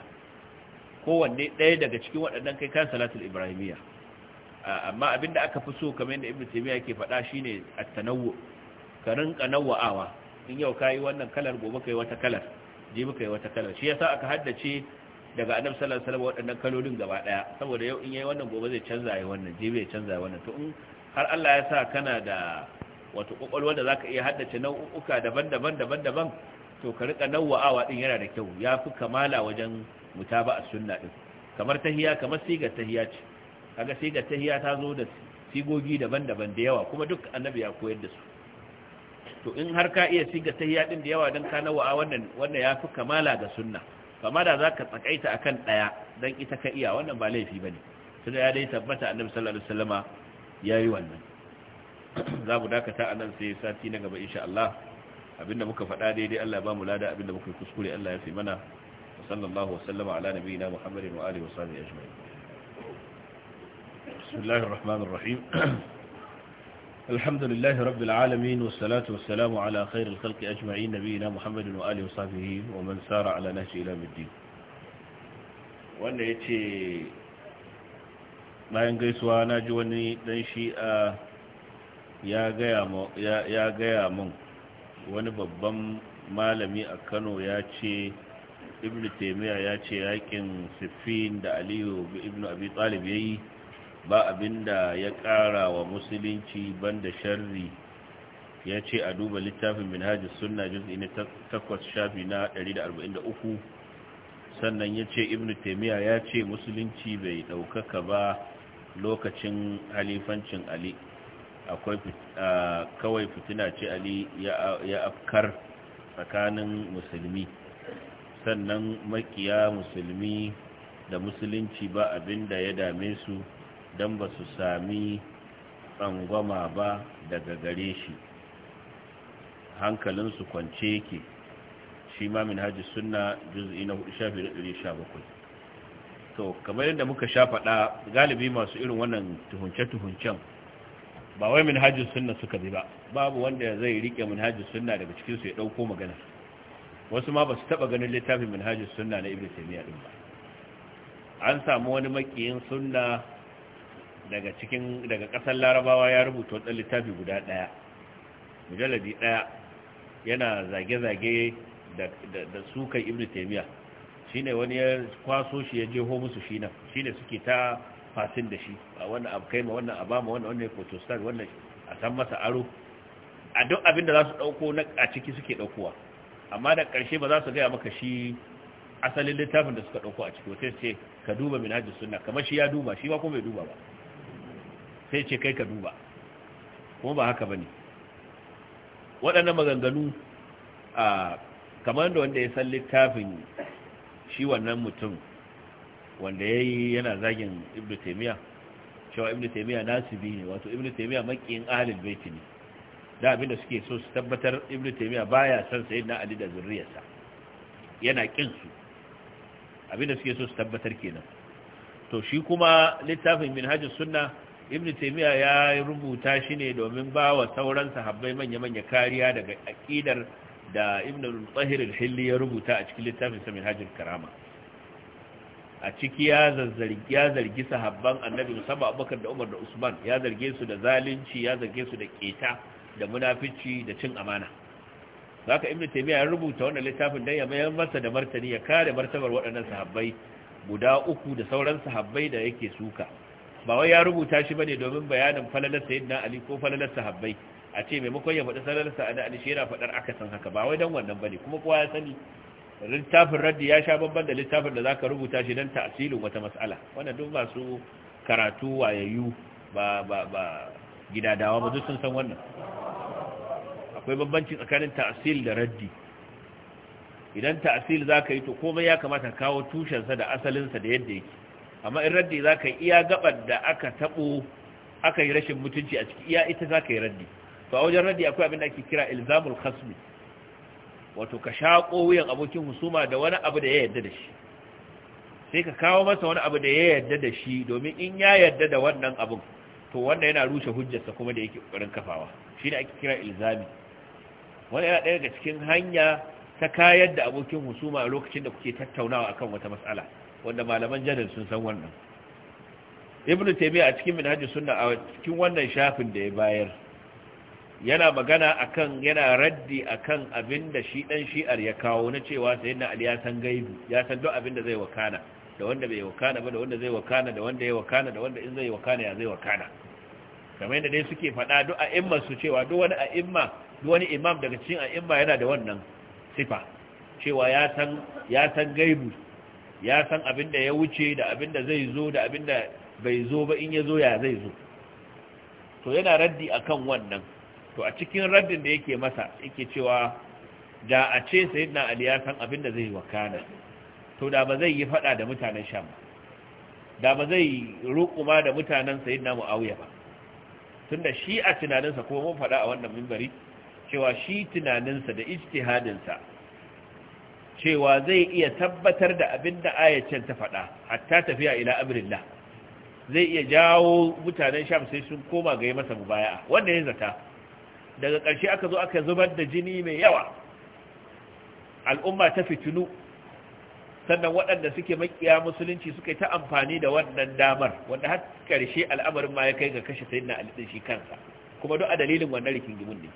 kowanne ɗaya daga cikin waɗannan kai kai salatul ibrahimiya amma abinda aka fi so kamar yadda ibnu taymiya yake faɗa shine at-tanawwu ka rinka in yau kai wannan kalar gobe kai wata kalar jibi kai wata kalar shi yasa aka haddace daga annabi sallallahu alaihi wasallam waɗannan kalolin gaba daya saboda yau in yayi wannan gobe zai canza yayi wannan jibi ya canza wannan to in har Allah ya sa kana da wato kokolwa da zaka iya haddace nau'uka daban-daban daban-daban to ka rika nawwa'awa din yana da kyau yafi kamala wajen a sunna din kamar tahiya kamar sigar tahiya ce kaga sigar tahiya ta zo da sigogi daban-daban da yawa kuma duk annabi ya koyar da su to in har ka iya siga tahiya din da yawa dan ka nawwa'a wannan wannan yafi kamala ga sunna kama da za ka tsakaita a kan ɗaya don ita ka iya wannan ba laifi ba ne da ya dai tabbata annabi sallallahu alaihi wasallama ya yi wannan za mu dakata a nan sai sati na gaba insha Allah abinda muka faɗa daidai Allah ba mu lada abinda muka kuskure Allah ya fi mana sallallahu wa sallama ala nabiyina Muhammadin wa alihi wa sahbihi ajma'in بسم الحمد لله رب العالمين والصلاة والسلام على خير الخلق أجمعين نبينا محمد وآله وصحبه ومن سار على نهج إلى الدين وأن يتي ما ينقيس وانا جواني دنشي يا قيام يا قيام wani babban malami a kano ya ce ibn taimiyya ya ce yakin siffin da aliyu ibn abi talib ya yi ba abinda ya ƙara wa musulunci banda sharri ya ce a duba littafin minhajis suna juz'i na takwas shafi na 143 sannan ya ce ibn taimiyya ya ce musulunci bai ɗaukaka ba lokacin halifancin ali akwai kawai fitina ce ali ya afkar tsakanin musulmi sannan makiya musulmi da musulunci ba abinda ya dame su don ba su sami tsangwama ba daga gare shi hankalinsu kwance yake shi ma min hajji suna juz'i na 17 to kamar yadda muka sha faɗa galibi masu irin wannan tuhunce-tuhuncen ba wai min hajji suna suka bi ba babu wanda zai rike min hajji suna daga cikinsu ya ɗauko magana wasu ma ba su taɓa ganin littafin min hajji suna na ibn taimiyya ɗin ba an samu wani makiyin suna daga cikin daga kasar larabawa ya rubuta wata littafi guda ɗaya mujalladi ɗaya yana zage-zage da sukan ibn Shi ne wani ya kwaso shi ya jeho musu shi nan ne suke ta fasin da shi a wannan abkaima wannan abama wannan wannan photostar wannan a san masa aro a duk abin da za su ɗauko na a ciki suke daukowa amma da ƙarshe ba za su gaya maka shi asalin littafin da suka ɗauko a ciki wata ce ka duba minajin suna. sunna kamar shi ya duba shi ba kuma bai duba ba sai ce kai ka duba kuma ba haka ba ne waɗannan maganganu a kamar da wanda ya san littafin shi wannan mutum wanda ya yi yana zagin ibn taimiyya cewa ibn taimiyya nasibi ne wato ibn taimiyya makiyin ahalin baiti ne da abinda suke so su tabbatar ibn taimiyya ya san sayi na ali da zurriyarsa yana kin su abinda suke so su tabbatar kenan to shi kuma littafin minhajus sunna ibn taymiya ya rubuta shi ne domin ba wa sauran sahabbai manya-manya kariya daga aqidar da ibn tsahir al-hilli ya rubuta a cikin littafin sa minhajul karama a ciki ya zazzargi ya zargi sahabban annabi musamman abubakar da umar da usman ya zarge su da zalunci ya zarge su da keta da munafici da cin amana zaka ibn taymiya ya rubuta wannan littafin dan ya mayar masa da martani ya kare martabar waɗannan sahabbai guda uku da sauran sahabbai da yake suka ba wai ya rubuta shi bane domin bayanin falalar na ali ko falalar sahabbai a ce maimakon ya faɗi falalar sa'ada ali shi yana faɗar akasin haka ba wai dan wannan bane kuma kowa ya sani littafin raddi ya sha babban da littafin da zaka rubuta shi dan ta'silin wata mas'ala wannan duk masu karatu wayayyu ba ba ba gidadawa ba duk sun san wannan akwai bambanci tsakanin ta'sil da raddi idan ta'sil zaka yi to komai ya kamata kawo tushensa da asalinsa da yadda yake amma in raddi za ka yi iya gabar da aka taɓo aka yi rashin mutunci a ciki iya ita za ka yi raddi to a wajen raddi akwai abin da ake kira ilzamul khasmi wato ka shaƙo wuyan abokin husuma da wani abu da ya yarda da shi sai ka kawo masa wani abu da ya yarda da shi domin in ya yarda da wannan abin to wannan yana rushe hujjarsa kuma da yake ƙoƙarin kafawa shi ne ake kira ilzami wani yana ɗaya daga cikin hanya ta kayar da abokin husuma a lokacin da kuke tattaunawa akan wata matsala wanda malaman jadal sun san wannan ibn taymiya a cikin minhajus sunna a cikin wannan shafin da ya bayar yana magana akan yana raddi akan abinda shi dan shi'ar ya kawo na cewa sayyidina ali ya san gaibi ya san duk abinda zai wakana da wanda bai wakana ba da wanda zai wakana da wanda ya wakana da wanda in zai wakana ya zai wakana kamar yadda dai suke faɗa duk a'imma su cewa duk wani a'imma duk wani imam daga cikin a'imma yana da wannan sifa cewa ya san ya san gaibi ya san abin da ya wuce da abin da zai zo da abin da bai zo ba in ya zo ya zai zo to yana raddi akan wannan to a cikin raddin da yake masa yake cewa da a ce sayyidina ali ya san abin da zai wakana to da ba zai yi fada da mutanen sham da ba zai rukuma da mutanen sayyidina muawiya ba tunda shi a tunaninsa ko mun fada a wannan minbari cewa shi tunaninsa da ijtihadinsa cewa zai iya tabbatar da abin da ta faɗa hatta tafiya ila amrillah zai iya jawo mutanen sham sai sun koma ga yi masa mubaya'a wanda ya zata daga ƙarshe aka zo aka zubar da jini mai yawa al'umma ta fitinu sannan waɗanda suke makiya musulunci suka yi ta amfani da wannan damar wanda har ƙarshe al'amarin ma ya kai ga kashe sai na alɗin shi kansa kuma duk a dalilin wannan rikin gimin ne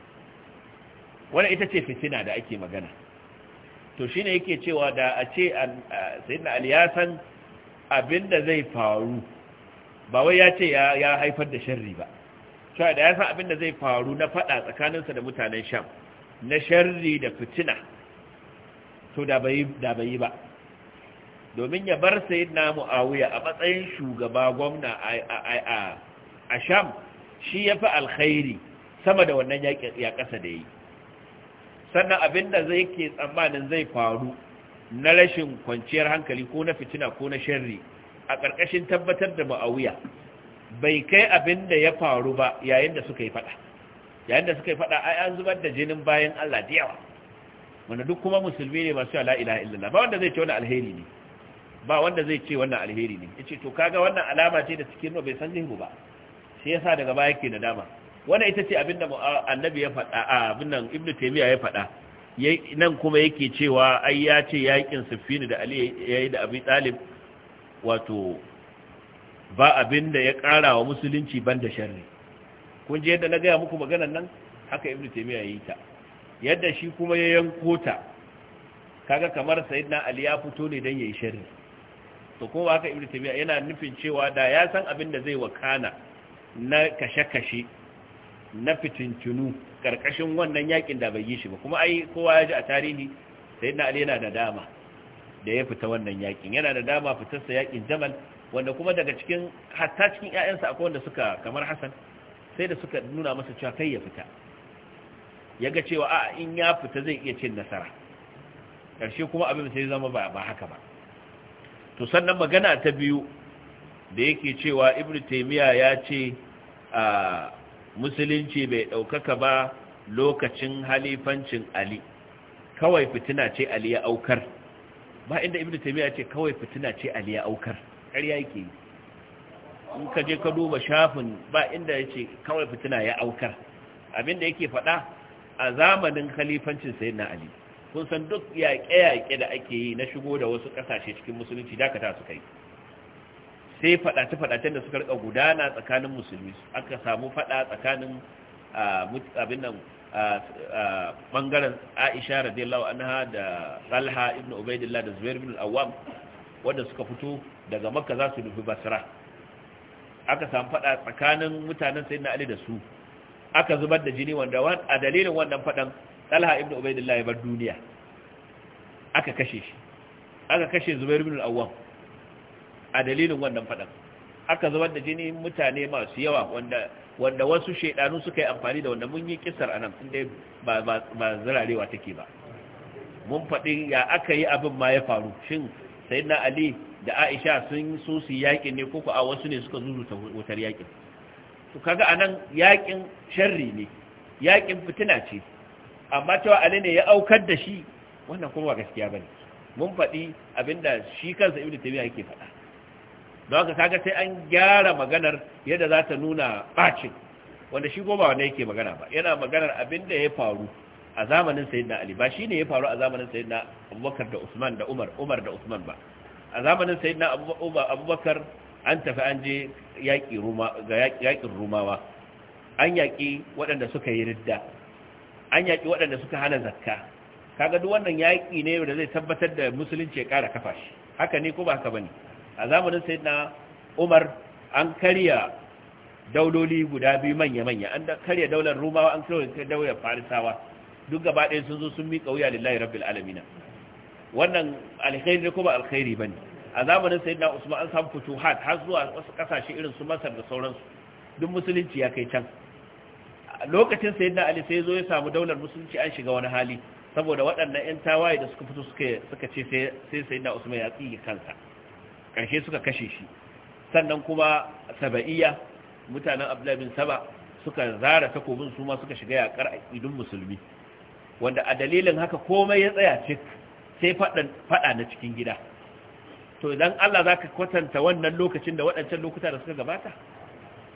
wani ita ce fitina da ake magana to shi ne yake cewa da a ce sayyidina ali ya san abinda zai faru ba wai ya ce ya haifar da sharri ba cewa da ya san abin da zai faru na fada tsakaninsa da mutanen sham na sharri da fitina to da bai yi ba domin ya bar na muawiya a matsayin shugaba gwamna a sham shi ya fi alkhairi sama da wannan ya ƙasa da yi sannan abin da zai ke tsammanin zai faru na rashin kwanciyar hankali ko na fitina ko na sharri a ƙarƙashin tabbatar da ma'awiya bai kai abin da ya faru ba yayin da suka yi faɗa yayin da suka yi faɗa ai an zubar da jinin bayan Allah da yawa wanda duk kuma musulmi ne masu la ilaha illallah ba wanda zai ce wannan alheri ne ba wanda zai ce wannan alheri ne yace to kaga wannan alama ce da cikin bai san zai ba sai yasa daga baya yake nadama wannan ita ce abinda annabi ya faɗa abin da ibnu taymiya ya faɗa nan kuma yake cewa ai ya ce yakin sufini da ali yayi da abi talib wato ba abinda ya ƙara wa musulunci banda sharri kun ji yadda na gaya muku maganar nan haka ibnu taymiya yayi ta yadda shi kuma ya yanko ta kaga kamar sayyidina ali ya fito ne dan yayi sharri to kuma haka ibnu taymiya yana nufin cewa da ya san abin da zai wakana na kashe-kashe na fitintunu karkashin wannan yakin da bai yi shi ba kuma ai kowa ya ji a tarihi sayyidina ali yana da dama da ya fita wannan yakin yana da dama fitarsa yakin jamal wanda kuma daga cikin hatta cikin ƴaƴansa akwai wanda suka kamar hasan sai da suka nuna masa cewa kai ya fita ya ga cewa a in ya fita zai iya cin nasara ƙarshe kuma abin sai zama ba haka ba to sannan magana ta biyu da yake cewa ibnu taymiya ya ce a ah, musulunci bai ɗaukaka ba lokacin halifancin ali kawai fitina ce ali ya aukar ba inda Ibn taymiya ce kawai fitina ce ali ya aukar ƙarya yake yi in ka je ka duba shafin ba inda yace kawai fitina ya aukar abinda yake faɗa a zamanin halifancin sayyidina ali kun san duk yaƙe-yaƙe da ake yi na shigo da wasu ƙasashe cikin musulunci dakata su kai sai fadace-fadacen da suka rika gudana tsakanin musulmi aka samu faɗa tsakanin abin nan bangaren aisha radiyallahu anha da talha ibn ubaidillah da zubair bin awam wanda suka fito daga makka za su nufi basra aka samu faɗa tsakanin mutanen sai na ali da su aka zubar da jini wanda a dalilin wannan faɗan talha ibn ubaidillah ya bar duniya aka kashe shi aka kashe zubair ibn awam a dalilin wannan faɗan aka zubar da jini mutane masu yawa wanda wanda wasu shaidanu suka yi amfani da wanda mun yi kisar anan inda ba ba zirarewa take ba mun faɗi ya aka yi abin ma ya faru shin sayyidina ali da aisha sun so su yakin ne koko a wasu ne suka zuzuta wutar yakin to kaga anan yakin sharri ne yakin fitina ce amma cewa ali ne ya aukar da shi wannan kuma gaskiya bane mun faɗi abinda shi kansa ibnu tabiya yake faɗa don haka kaga sai an gyara maganar yadda za ta nuna bacin wanda shi goma wanda yake magana ba yana maganar abin da ya faru a zamanin sayyidina ali ba shine ya faru a zamanin sayyidina abubakar da usman da umar umar da usman ba a zamanin sayyidina abubakar an tafi an je yaƙi ruma ga yaƙin rumawa an yaƙi waɗanda suka yi ridda an yaƙi waɗanda suka hana zakka kaga duk wannan yaƙi ne da zai tabbatar da musulunci ya ƙara kafa shi haka ne ko ba haka bane a zamanin na Umar an karya dauloli guda biyu manya-manya an karya daular Rumawa an karya daular Farisawa duk gaba ɗaya sun zo sun miƙa wuya lillahi rabbil alamina wannan alkhairi ne ko ba alkhairi bane a zamanin na Usman an samu futuhat har zuwa wasu kasashe irin su Masar da sauransu duk musulunci ya kai can lokacin na Ali sai zo ya samu daular musulunci an shiga wani hali saboda waɗannan 'yan tawaye da suka fito suka ce sai na Usman ya tsige kansa Karshe suka kashe shi sannan kuma saba'iyya mutanen abdullahi bin saba suka zara takobin su ma suka shiga yakar idun musulmi wanda a dalilin haka komai ya tsaya cik sai faɗa na cikin gida to idan Allah za ka kwatanta wannan lokacin da waɗancan lokuta da suka gabata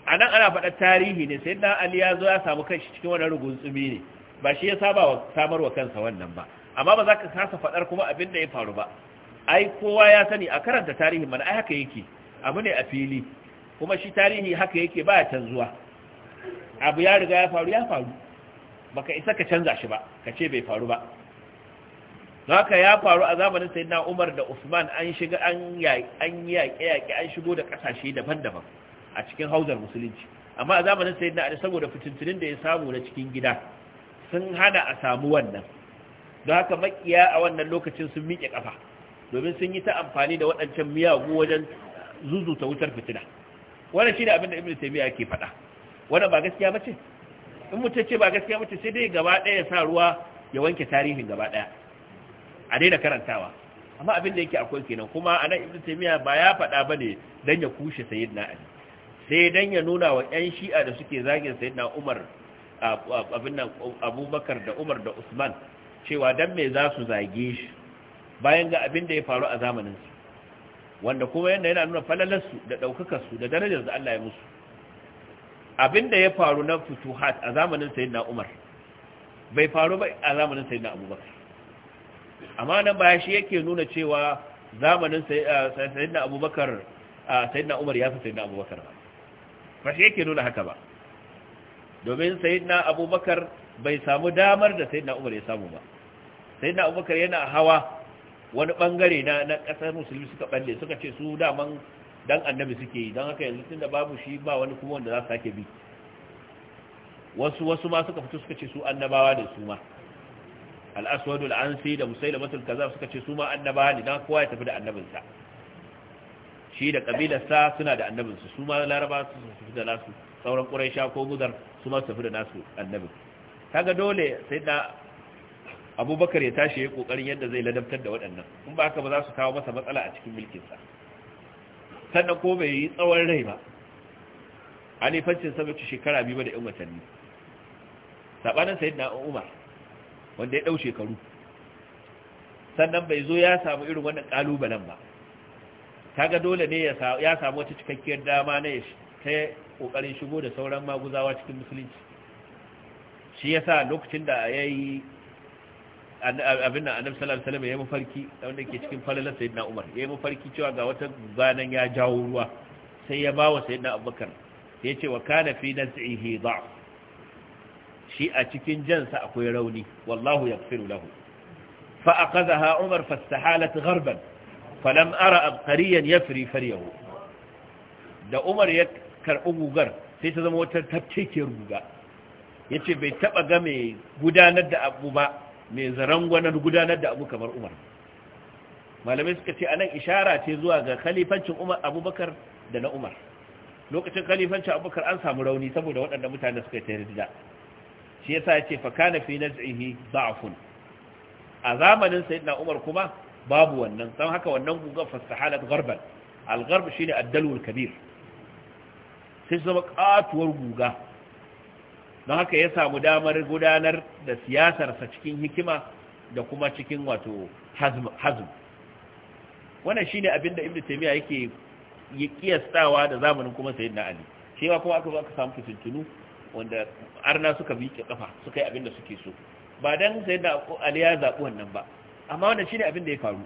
a nan ana faɗa tarihi ne sai na ali ya zo ya samu kanshi cikin wani rugun tsumi ne ba shi ya saba wa samarwa kansa wannan ba amma ba za ka kasa faɗar kuma abin da ya faru ba ai kowa ya sani a karanta tarihi mana ai haka yake abu ne a fili kuma shi tarihi haka yake ba ya canzuwa abu ya riga ya faru ya faru baka isa ka canza shi ba ka ce bai faru ba haka ya faru a zamanin sayyidina Umar da Usman an shiga an yaƙi an yaƙi an shigo da kasashe daban-daban a cikin hauzar musulunci amma a zamanin sayyidina Ali saboda fitintunin da ya samu na cikin gida sun hana a samu wannan don haka makiya a wannan lokacin sun miƙe kafa domin sun yi ta amfani da waɗancan miyagu wajen zuzuta wutar fitina wannan shine abin da ibn taymiya yake faɗa wannan ba gaskiya bace in mutum ce ba gaskiya bace sai dai gaba ɗaya ya sa ruwa ya wanke tarihin gaba ɗaya a daina karantawa amma abin da yake akwai kenan kuma anan ibn taymiya ba ya faɗa bane dan ya kushe sayyidina ali sai dan ya nuna wa ƴan shi'a da suke zagin sayyidina umar abin nan abubakar da umar da usman cewa dan me za su zage shi bayan ga abin da ya faru a zamanin su wanda kuma yanda yana nuna falalar su da daukakar su da darajar da Allah ya musu abin da ya faru na futuhat a zamanin sayyidina Umar bai faru ba a zamanin sayyidina Abubakar amma nan ba shi yake nuna cewa zamanin uh, sayyidina Abubakar uh, sayyidina Umar ya fi sayyidina Abubakar ba ba shi yake nuna haka ba domin sayyidina Abubakar bai samu damar da sayyidina Umar ya samu ba sayyidina Abubakar yana hawa wani bangare na na kasar musulmi suka balle suka ce su daman dan annabi suke yi don haka yanzu tunda babu shi ba wani kuma wanda za su sake bi wasu wasu ma suka fito suka ce su annabawa da su ma al-aswad al-ansi da musailamatul kaza suka ce su ma annabawa ne dan kowa ya tafi da annabinsa shi da sa suna da annabinsu su ma laraba su tafi da nasu sauran quraisha ko gudar su ma su tafi da nasu annabin kaga dole sai da abubakar ya tashi ya kokarin yadda zai ladabtar da waɗannan in ba haka ba za su kawo masa matsala a cikin milkinsa. sannan ko bai yi tsawon rai ba alifancin sa bace shekara biyu ba da yan watanni sabanin sayyidina umar wanda ya dau shekaru sannan bai zo ya samu irin wannan kalubalen ba ga dole ne ya samu wata cikakkiyar dama na ta kokarin shigo da sauran maguzawa cikin musulunci shi yasa lokacin da yayi abin da annabi sallallahu alaihi wasallam ya mafarki wanda yake cikin falalar sayyidina Umar ya mafarki cewa ga wata zanan ya jawo ruwa sai ya bawa sayyidina Abubakar ce wa kana fi naz'ihi da'f shi a cikin jansa akwai rauni wallahu yaghfiru lahu fa aqadha Umar fastahalat gharban falam ara abqariyan yafri faryahu da Umar ya karbi gugar sai ta zama wata tafcekiyar guga yace bai taba ga mai gudanar da abu ba mai zarangwanar gudanar da abu kamar umar malamai suka ce a nan ishara ce zuwa ga khalifancin abubakar da na umar lokacin khalifancin abubakar an samu rauni saboda waɗanda mutane suka ta yarda shi yasa ya ce fa kana fi naz'ihi da'fun a zamanin na umar kuma babu wannan san haka wannan gugan fasahalat gharban al-gharb shine ad kabir sai zama katuwar guga don haka ya samu damar gudanar da siyasarsa cikin hikima da kuma cikin wato hazm wannan shine abin da ibnu taymiya yake yi kiyastawa da zamanin kuma na ali cewa kuma aka zo aka samu fitintunu wanda arna suka miƙe kafa suka yi abin da suke so ba dan sayyidina ali ya zabi wannan ba amma wannan shine abin da ya faru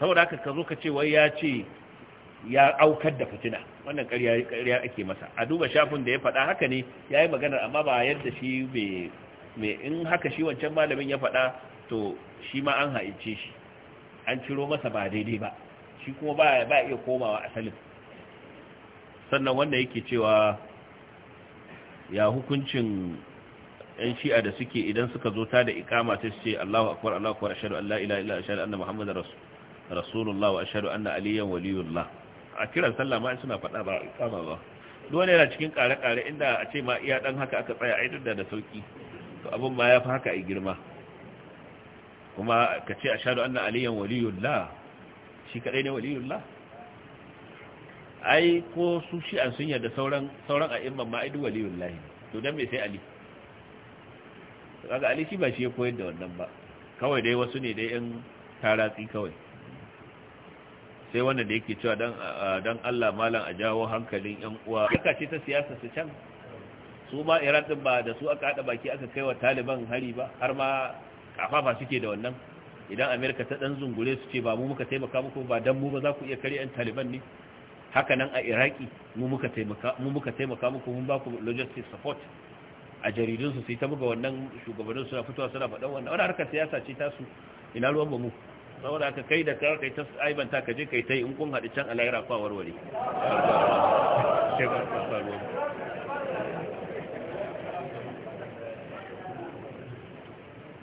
saboda haka ka zo ka ce wai ya ce ya aukar da fitina wannan ƙarya ake masa a duba shafin da ya faɗa haka ne ya yi maganar amma ba yadda shi mai in haka shi wancan malamin ya faɗa to shi ma an haice shi an ciro masa ba daidai ba shi kuma ba ba iya komawa asalin sannan wanda yake cewa ya hukuncin yan shi'a da suke idan suka zo ta da ikama sai ce Allahu akbar Allahu akbar ashhadu an la ilaha illa ashhadu anna muhammadar rasulullah wa ashhadu anna waliyullah a kiran sallah ma suna faɗa ba kama ba dole yana cikin kare-kare inda a ce ma iya dan haka aka tsaya ai da da sauki to abin ma ya fi haka ai girma kuma ka ce a shaɗu anna aliyan waliyullah shi kaɗai ne waliyullah ai ko su shi an sun yarda sauran sauran a imman ma aidu waliyullah to dan me sai ali kaga ali shi ba shi ya koyar da wannan ba kawai dai wasu ne dai in taratsi kawai sai wannan da yake cewa don Allah malam a jawo hankalin yan uwa duka ce ta siyasa su can su ma iran din ba da su aka hada baki aka kai wa taliban hari ba har ma kafafa suke da wannan idan amerika ta dan zungure su ce ba mu muka taimaka muku ba dan mu ba za ku iya kare yan taliban ne haka nan a iraki mu muka taimaka mu muka taimaka muku mun ba ku logistic support a jaridun su sai ta buga wannan shugabannin suna fitowa suna faɗan wannan wannan harkar siyasa ce ta su ina ruwan ba mu saboda ka kai da kar kai ta aibanta ka je kai tai in kun haɗu can alayra kwa warware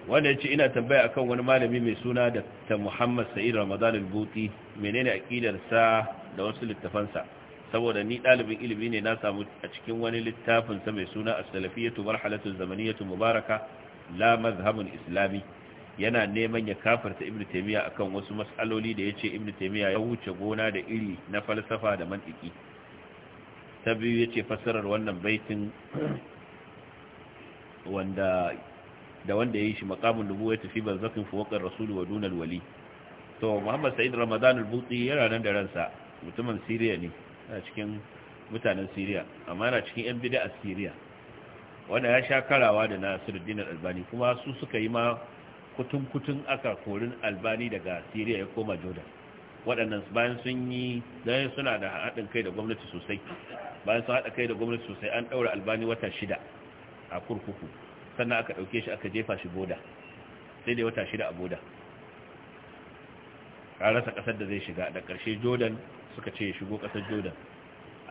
wanda ya ce ina tambaya akan wani malami mai suna da ta muhammad sa'id ramadan al-buti menene aqidarsa da wasu littafansa saboda ni ɗalibin ilimi ne na samu a cikin wani littafinsa mai suna a salafiyatu marhalatu zamaniyatu mubaraka la mazhabun islami yana neman ya kafarta Ibn taymiya akan wasu mas'aloli da yace Ibn taymiya ya wuce gona da iri na falsafa da mantiki ta yace fassarar wannan baitin wanda da wanda yayi shi maqamul nubuwati fi barzakin fawqa ar-rasul wa duna al to muhammad sa'id ramadan al yana nan da ransa mutumin siriya ne a cikin mutanen siriya amma yana cikin yan bid'a siriya wanda ya sha karawa da nasiruddin al-albani kuma su suka yi ma kutun-kutun aka korin albani daga siriya ya koma jordan waɗannan bayan sun yi zai suna da haɗin kai da gwamnati sosai bayan sun haɗa kai da gwamnati sosai an ɗaura albani wata shida a kurkuku sannan aka ɗauke shi aka jefa shi boda sai dai wata shida a boda a rasa ƙasar da zai shiga da ƙarshe jordan suka ce shigo ƙasar jordan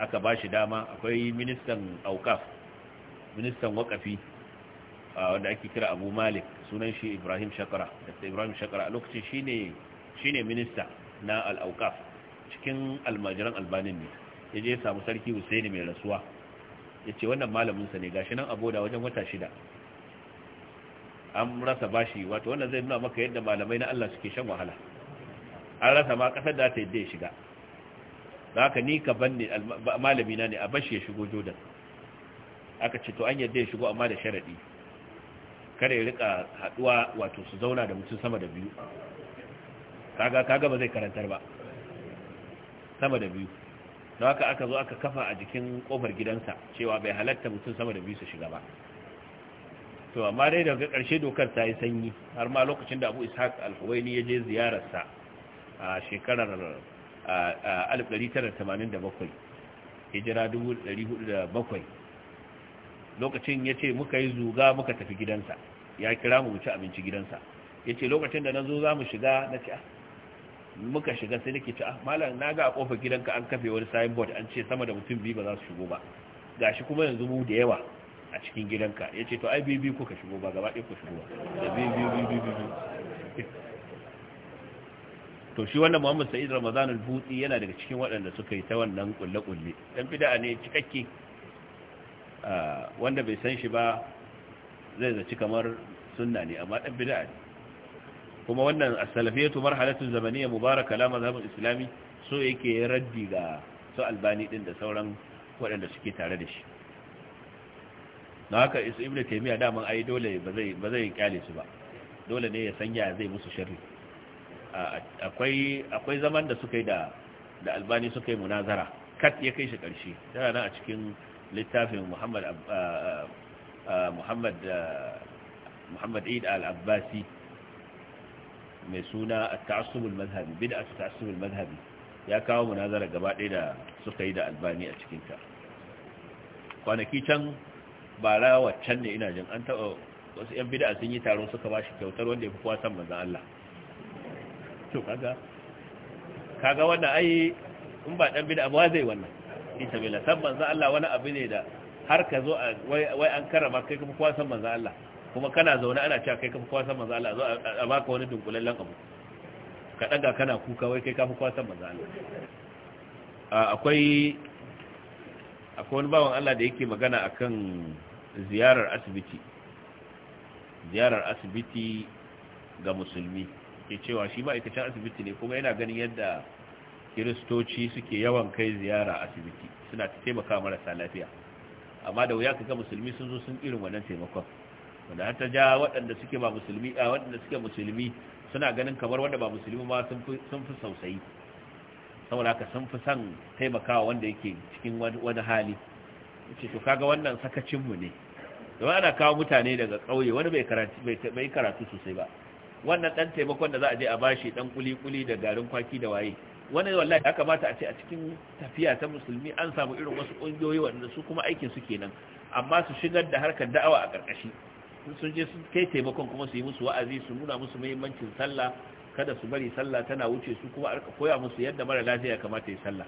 aka ba shi dama akwai ministan aukaf ministan wakafi wanda ake kira abu malik sunan shi ibrahim shakara da ibrahim shakara a lokacin shi ne minista na al'aukaf cikin almajiran albanin ne ya je samu sarki husaini mai rasuwa ya ce wannan malaminsa ne gashi nan aboda wajen wata shida an rasa bashi wato wannan zai nuna maka yadda malamai na allah suke shan wahala an rasa ma kasar da ta yadda ya shiga da haka ni ka banne malamina ne a bashi ya shigo jordan aka ce to an yadda ya shigo amma da sharaɗi kada ya rika haduwa wato su zauna da mutum sama da biyu kaga kaga ba zai karantar ba sama da biyu don haka aka zo aka kafa a jikin kofar gidansa cewa bai halatta mutum sama da biyu su shiga ba to amma dai daga karshe dokar ta yi sanyi har ma lokacin da abu ishaq al Al-Huwaini ya je ziyararsa a shekarar 1987 hijira 1407 lokacin ya ce muka yi zuga muka tafi gidansa ya kira mu ci abinci gidansa ya ce lokacin da na zo za mu shiga na ce ah. muka shiga sai nake ci ah, malam na ga a kofar gidanka an kafe wani signboard an ce sama da mutum biyu ba za su shigo ba gashi kuma yanzu mu da yawa a cikin gidanka ya ce to ai biyu biyu kuka shigo ba gaba ɗaya ku shigo ba da bibi biyu biyu biyu to shi wannan muhammad sa'id ramadan al-buti yana daga cikin waɗanda suka yi ta wannan kulle-kulle dan bid'a ne cikakke ah, wanda bai san shi ba zai zaci kamar sunna ne amma dan bid'a ne kuma wannan as-salafiyatu marhalatun zamaniyya mubaraka la mazhabul islami so yake raddi ga su albani din da sauran waɗanda suke tare da shi na haka isu ibn taymiya daman ai dole ba zai ba zai kyale su ba dole ne ya sanya zai musu sharri akwai akwai zaman da suka yi da da albani suka yi munazara kat ya kai shi karshe tana nan a cikin littafin muhammad muhammad muhammad eid al-abbasi mai suna a ta'asubul mazhabi bid a ta'asubul mazhabi ya kawo munazara gaba ɗaya da suka yi da albani a cikinta kwanaki can bara waccan ne ina jin an taɓa wasu 'yan bida sun yi taron suka ba shi kyautar wanda ya fi kuwa san manzan Allah to kaga kaga wannan ai in ba ɗan bida ba zai wannan ita bai lasan manzan Allah wani abu ne da har ka zo wai an karama kai kafa kwasan manzo Allah kuma kana zaune ana cewa kai kafa kwasan manzo Allah zo a baka wani dunkulallen abu ka daga kana kuka wai kai kafa kwasan manzo Allah akwai akwai wani bawan Allah da yake magana akan ziyarar asibiti ziyarar asibiti ga musulmi ke cewa shi ma'aikacin asibiti ne kuma yana ganin yadda kiristoci suke yawan kai ziyara asibiti suna taimaka marasa lafiya amma da wuya ka ga musulmi sun zo sun irin wannan taimakon wanda har ta ja waɗanda suke ba musulmi a waɗanda suke musulmi suna ganin kamar wanda ba musulmi ma sun fi sun fi sausayi saboda haka sun fi son taimakawa wanda yake cikin wani hali ce to kaga wannan sakacin mu ne domin ana kawo mutane daga ƙauye wani bai karatu bai karatu sosai ba wannan dan taimakon da za a je a bashi dan kuli kuli da garin kwaki da waye wani wallahi ya kamata a ce a cikin tafiya ta musulmi an samu irin wasu ƙungiyoyi wanda su kuma aikin su kenan amma su shigar da harkar da'awa a ƙarƙashi sun je sun kai taimakon kuma su yi musu wa'azi su nuna musu muhimmancin sallah kada su bari sallah tana wuce su kuma arka koya musu yadda mara lafiya kamata ya sallah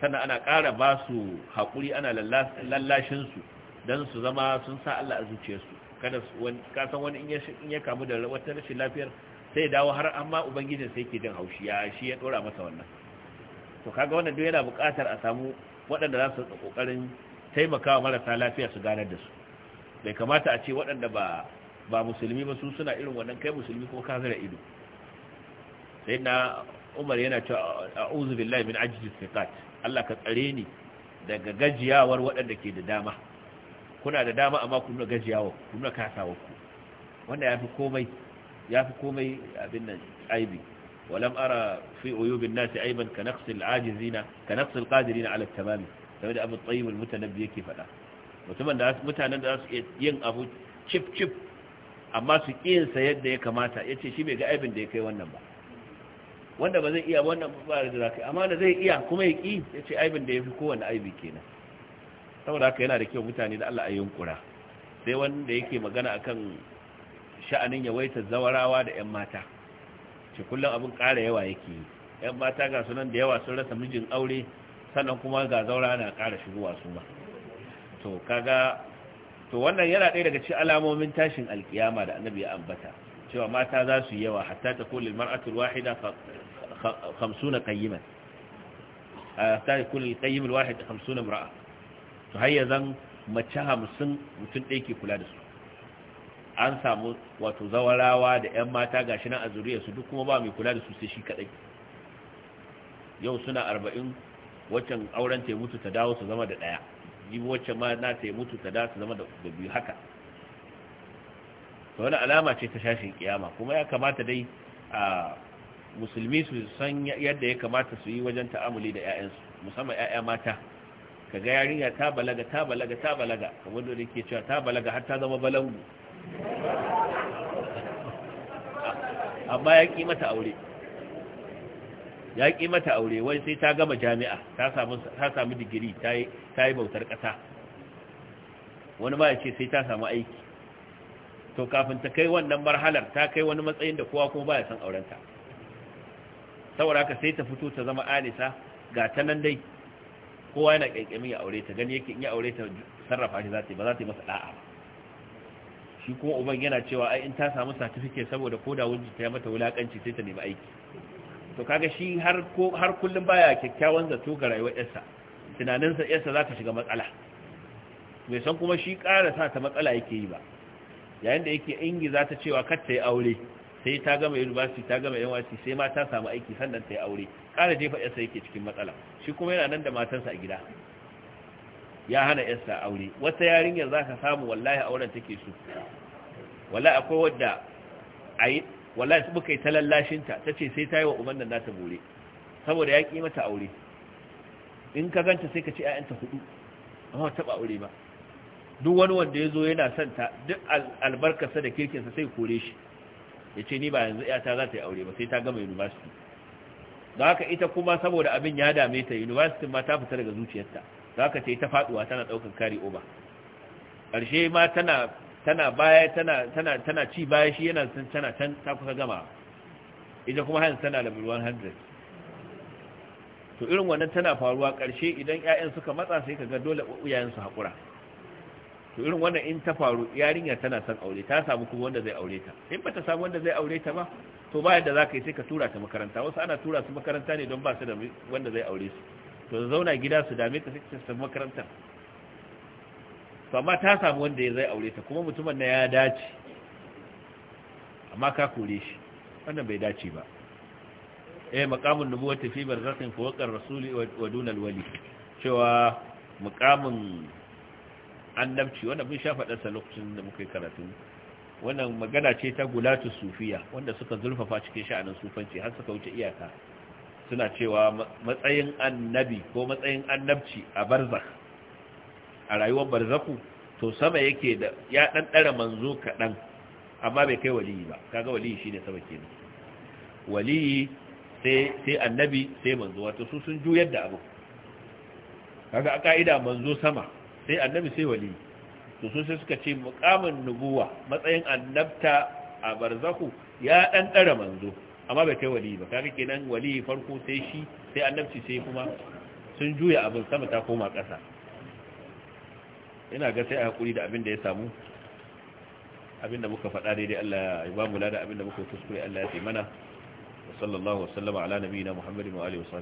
sannan ana ƙara ba su haƙuri ana lallashin su don su zama sun sa Allah a zuciyarsu kada wani kasan wani in ya kamu da wata rashin lafiyar sai dawo har amma ubangijin sai ke jin haushi ya shi ya dora masa wannan to kaga wannan duk yana buƙatar a samu waɗanda za su kokarin taimakawa marasa lafiya su ganar da su bai kamata a ce waɗanda ba ba musulmi ba su suna irin wannan kai musulmi ko ka zara ido sai na umar yana cewa a'udhu billahi min ajzi thiqat Allah ka tsare ni daga gajiyawar waɗanda ke da dama kuna da dama amma kuna gajiyawa kuna kasawa ku wanda fi komai ya fi komai abin nan aibi walam ara fi uyubin nasi aiban ka naqsil ajizina ka naqsil qadirina ala tamami kamar da abu tayyib mutanabbi yake faɗa mutumin da mutanen da su yin abu chip chip amma su kiyin sa yadda ya kamata yace shi bai ga aibin da ya kai wannan ba wanda ba zai iya wannan ba da zakai amma da zai iya kuma ya ki yace aibin da yafi kowanne aibi kenan saboda haka yana da kyau mutane da Allah a yunkura sai wanda yake magana akan sha'anin yawaitar zawarawa da 'yan mata ce kullum abin ƙara yawa yake yi 'yan mata ga sunan da yawa sun rasa mijin aure sannan kuma ga zaura na ƙara shigowa su ma to kaga to wannan yana ɗaya daga cikin alamomin tashin alkiyama da annabi ya ambata cewa mata za su yawa hatta ta kulli mar'atul wahida 50 qayyiman hatta kullum qayyim alwahid 50 imra'a to hayya mace 50 mutum ɗaya ke kula da su an samu wato zawarawa da 'yan mata gashi nan a su duk kuma ba mai kula da su sai shi kadai yau suna arba'in waccan auren ta mutu ta dawo su zama da ɗaya jibi waccan ma na ta mutu ta dawo su zama da biyu haka to wani alama ce ta shashin kiyama kuma ya kamata dai a musulmi su san yadda ya kamata su yi wajen ta'amuli da 'ya'yansu musamman 'ya'ya mata kaga yarinya ta balaga ta balaga ta balaga kamar da ke cewa ta balaga har ta zama balangu amma ya ƙi mata aure ya ƙi mata aure wai sai ta gama jami'a ta samu digiri ta yi bautar ƙasa wani ba ya ce sai ta samu aiki to kafin ta kai wannan marhalar ta kai wani matsayin da kowa kuma ba ya san aurenta saboda haka sai ta fito ta zama alisa ga ta nan dai kowa yana ƙyanƙyamin ya aure ta gani yake in ya aure ta sarrafa shi za ta yi ba za ta yi masa ɗa'a ba shi kuma uban yana cewa ai in ta samu certificate saboda koda wunji ta yi mata wulakanci sai ta nemi aiki to kaga shi har ko har kullun baya kyakkyawan zato ga rayuwar yarsa tunaninsa yarsa za shiga matsala bai san kuma shi ƙara sa ta matsala yake yi ba yayin da yake ingi za ta cewa kar ta yi aure sai ta gama university ta gama NYC sai ma ta samu aiki sannan ta yi aure ƙara jefa yarsa yake cikin matsala shi kuma yana nan da matansa a gida ya hana yasa aure wata yarinyar za ka samu wallahi auren take su wallahi akwai wadda a wallahi su muka yi ta lallashinta ta ce sai ta yi wa nan nata bore saboda ya ƙi mata aure in ka ganta sai ka ci ‘ya'yanta hudu amma taɓa aure ba duk wani wanda ya zo yana son ta duk albarkarsa da kirkinsa sai kore shi yace ce ni ba yanzu ‘yata za ta yi aure ba sai ta gama university da haka ita kuma saboda abin ya dame ta university ma ta fita daga zuciyarta za ka ta faduwa tana daukan kari over ƙarshe ma tana tana baya tana tana tana ci baya shi yana tana can ta kusa gama ita kuma hanyar tana da 100 to irin wannan tana faruwa ƙarshe idan 'ya'yan suka matsa sai ka ga dole iyayen su haƙura to irin wannan in ta faru yarinya tana son aure ta samu kuma wanda zai aure ta in ba ta samu wanda zai aure ta ba to bayan da za ka yi sai ka tura ta makaranta wasu ana tura su makaranta ne don ba su da wanda zai aure su to zauna gida su dame ta sai su makarantar to amma ta samu wanda ya zai aure ta kuma mutumin na ya dace amma ka kore shi wannan bai dace ba eh nubuwa nubuwati fi zafin fawqar rasuli wa dunal wali cewa makamun annabci wanda mun sha faɗar sa lokacin da muka yi karatu wannan magana ce ta gulatu sufiya wanda suka zurfafa cikin sha'anin sufanci har suka wuce iyaka suna cewa matsayin annabi ko matsayin annabci a barzak a rayuwar barzaku to sama yake da ya dan dara manzo kadan amma bai kai waliyi ba kaga waliyi shine sama kenan waliyi sai sai annabi sai manzo wato su sun juyar da abu kaga a ka'ida manzo sama sai annabi sai waliyi to su sai suka ce muqamin nubuwa matsayin annabta a barzaku ya dan dara manzo amma bai kai wali ba kaga kenan wali farko sai shi sai annabci sai kuma sun juya abin sama ta koma ƙasa ina ga sai a hakuri da abin da ya samu abin da muka faɗa daidai Allah ya ba mu lada abin da muka kuskure Allah ya fi mana wa sallallahu wa sallama ala nabiyina Muhammadin wa alihi wa sallam.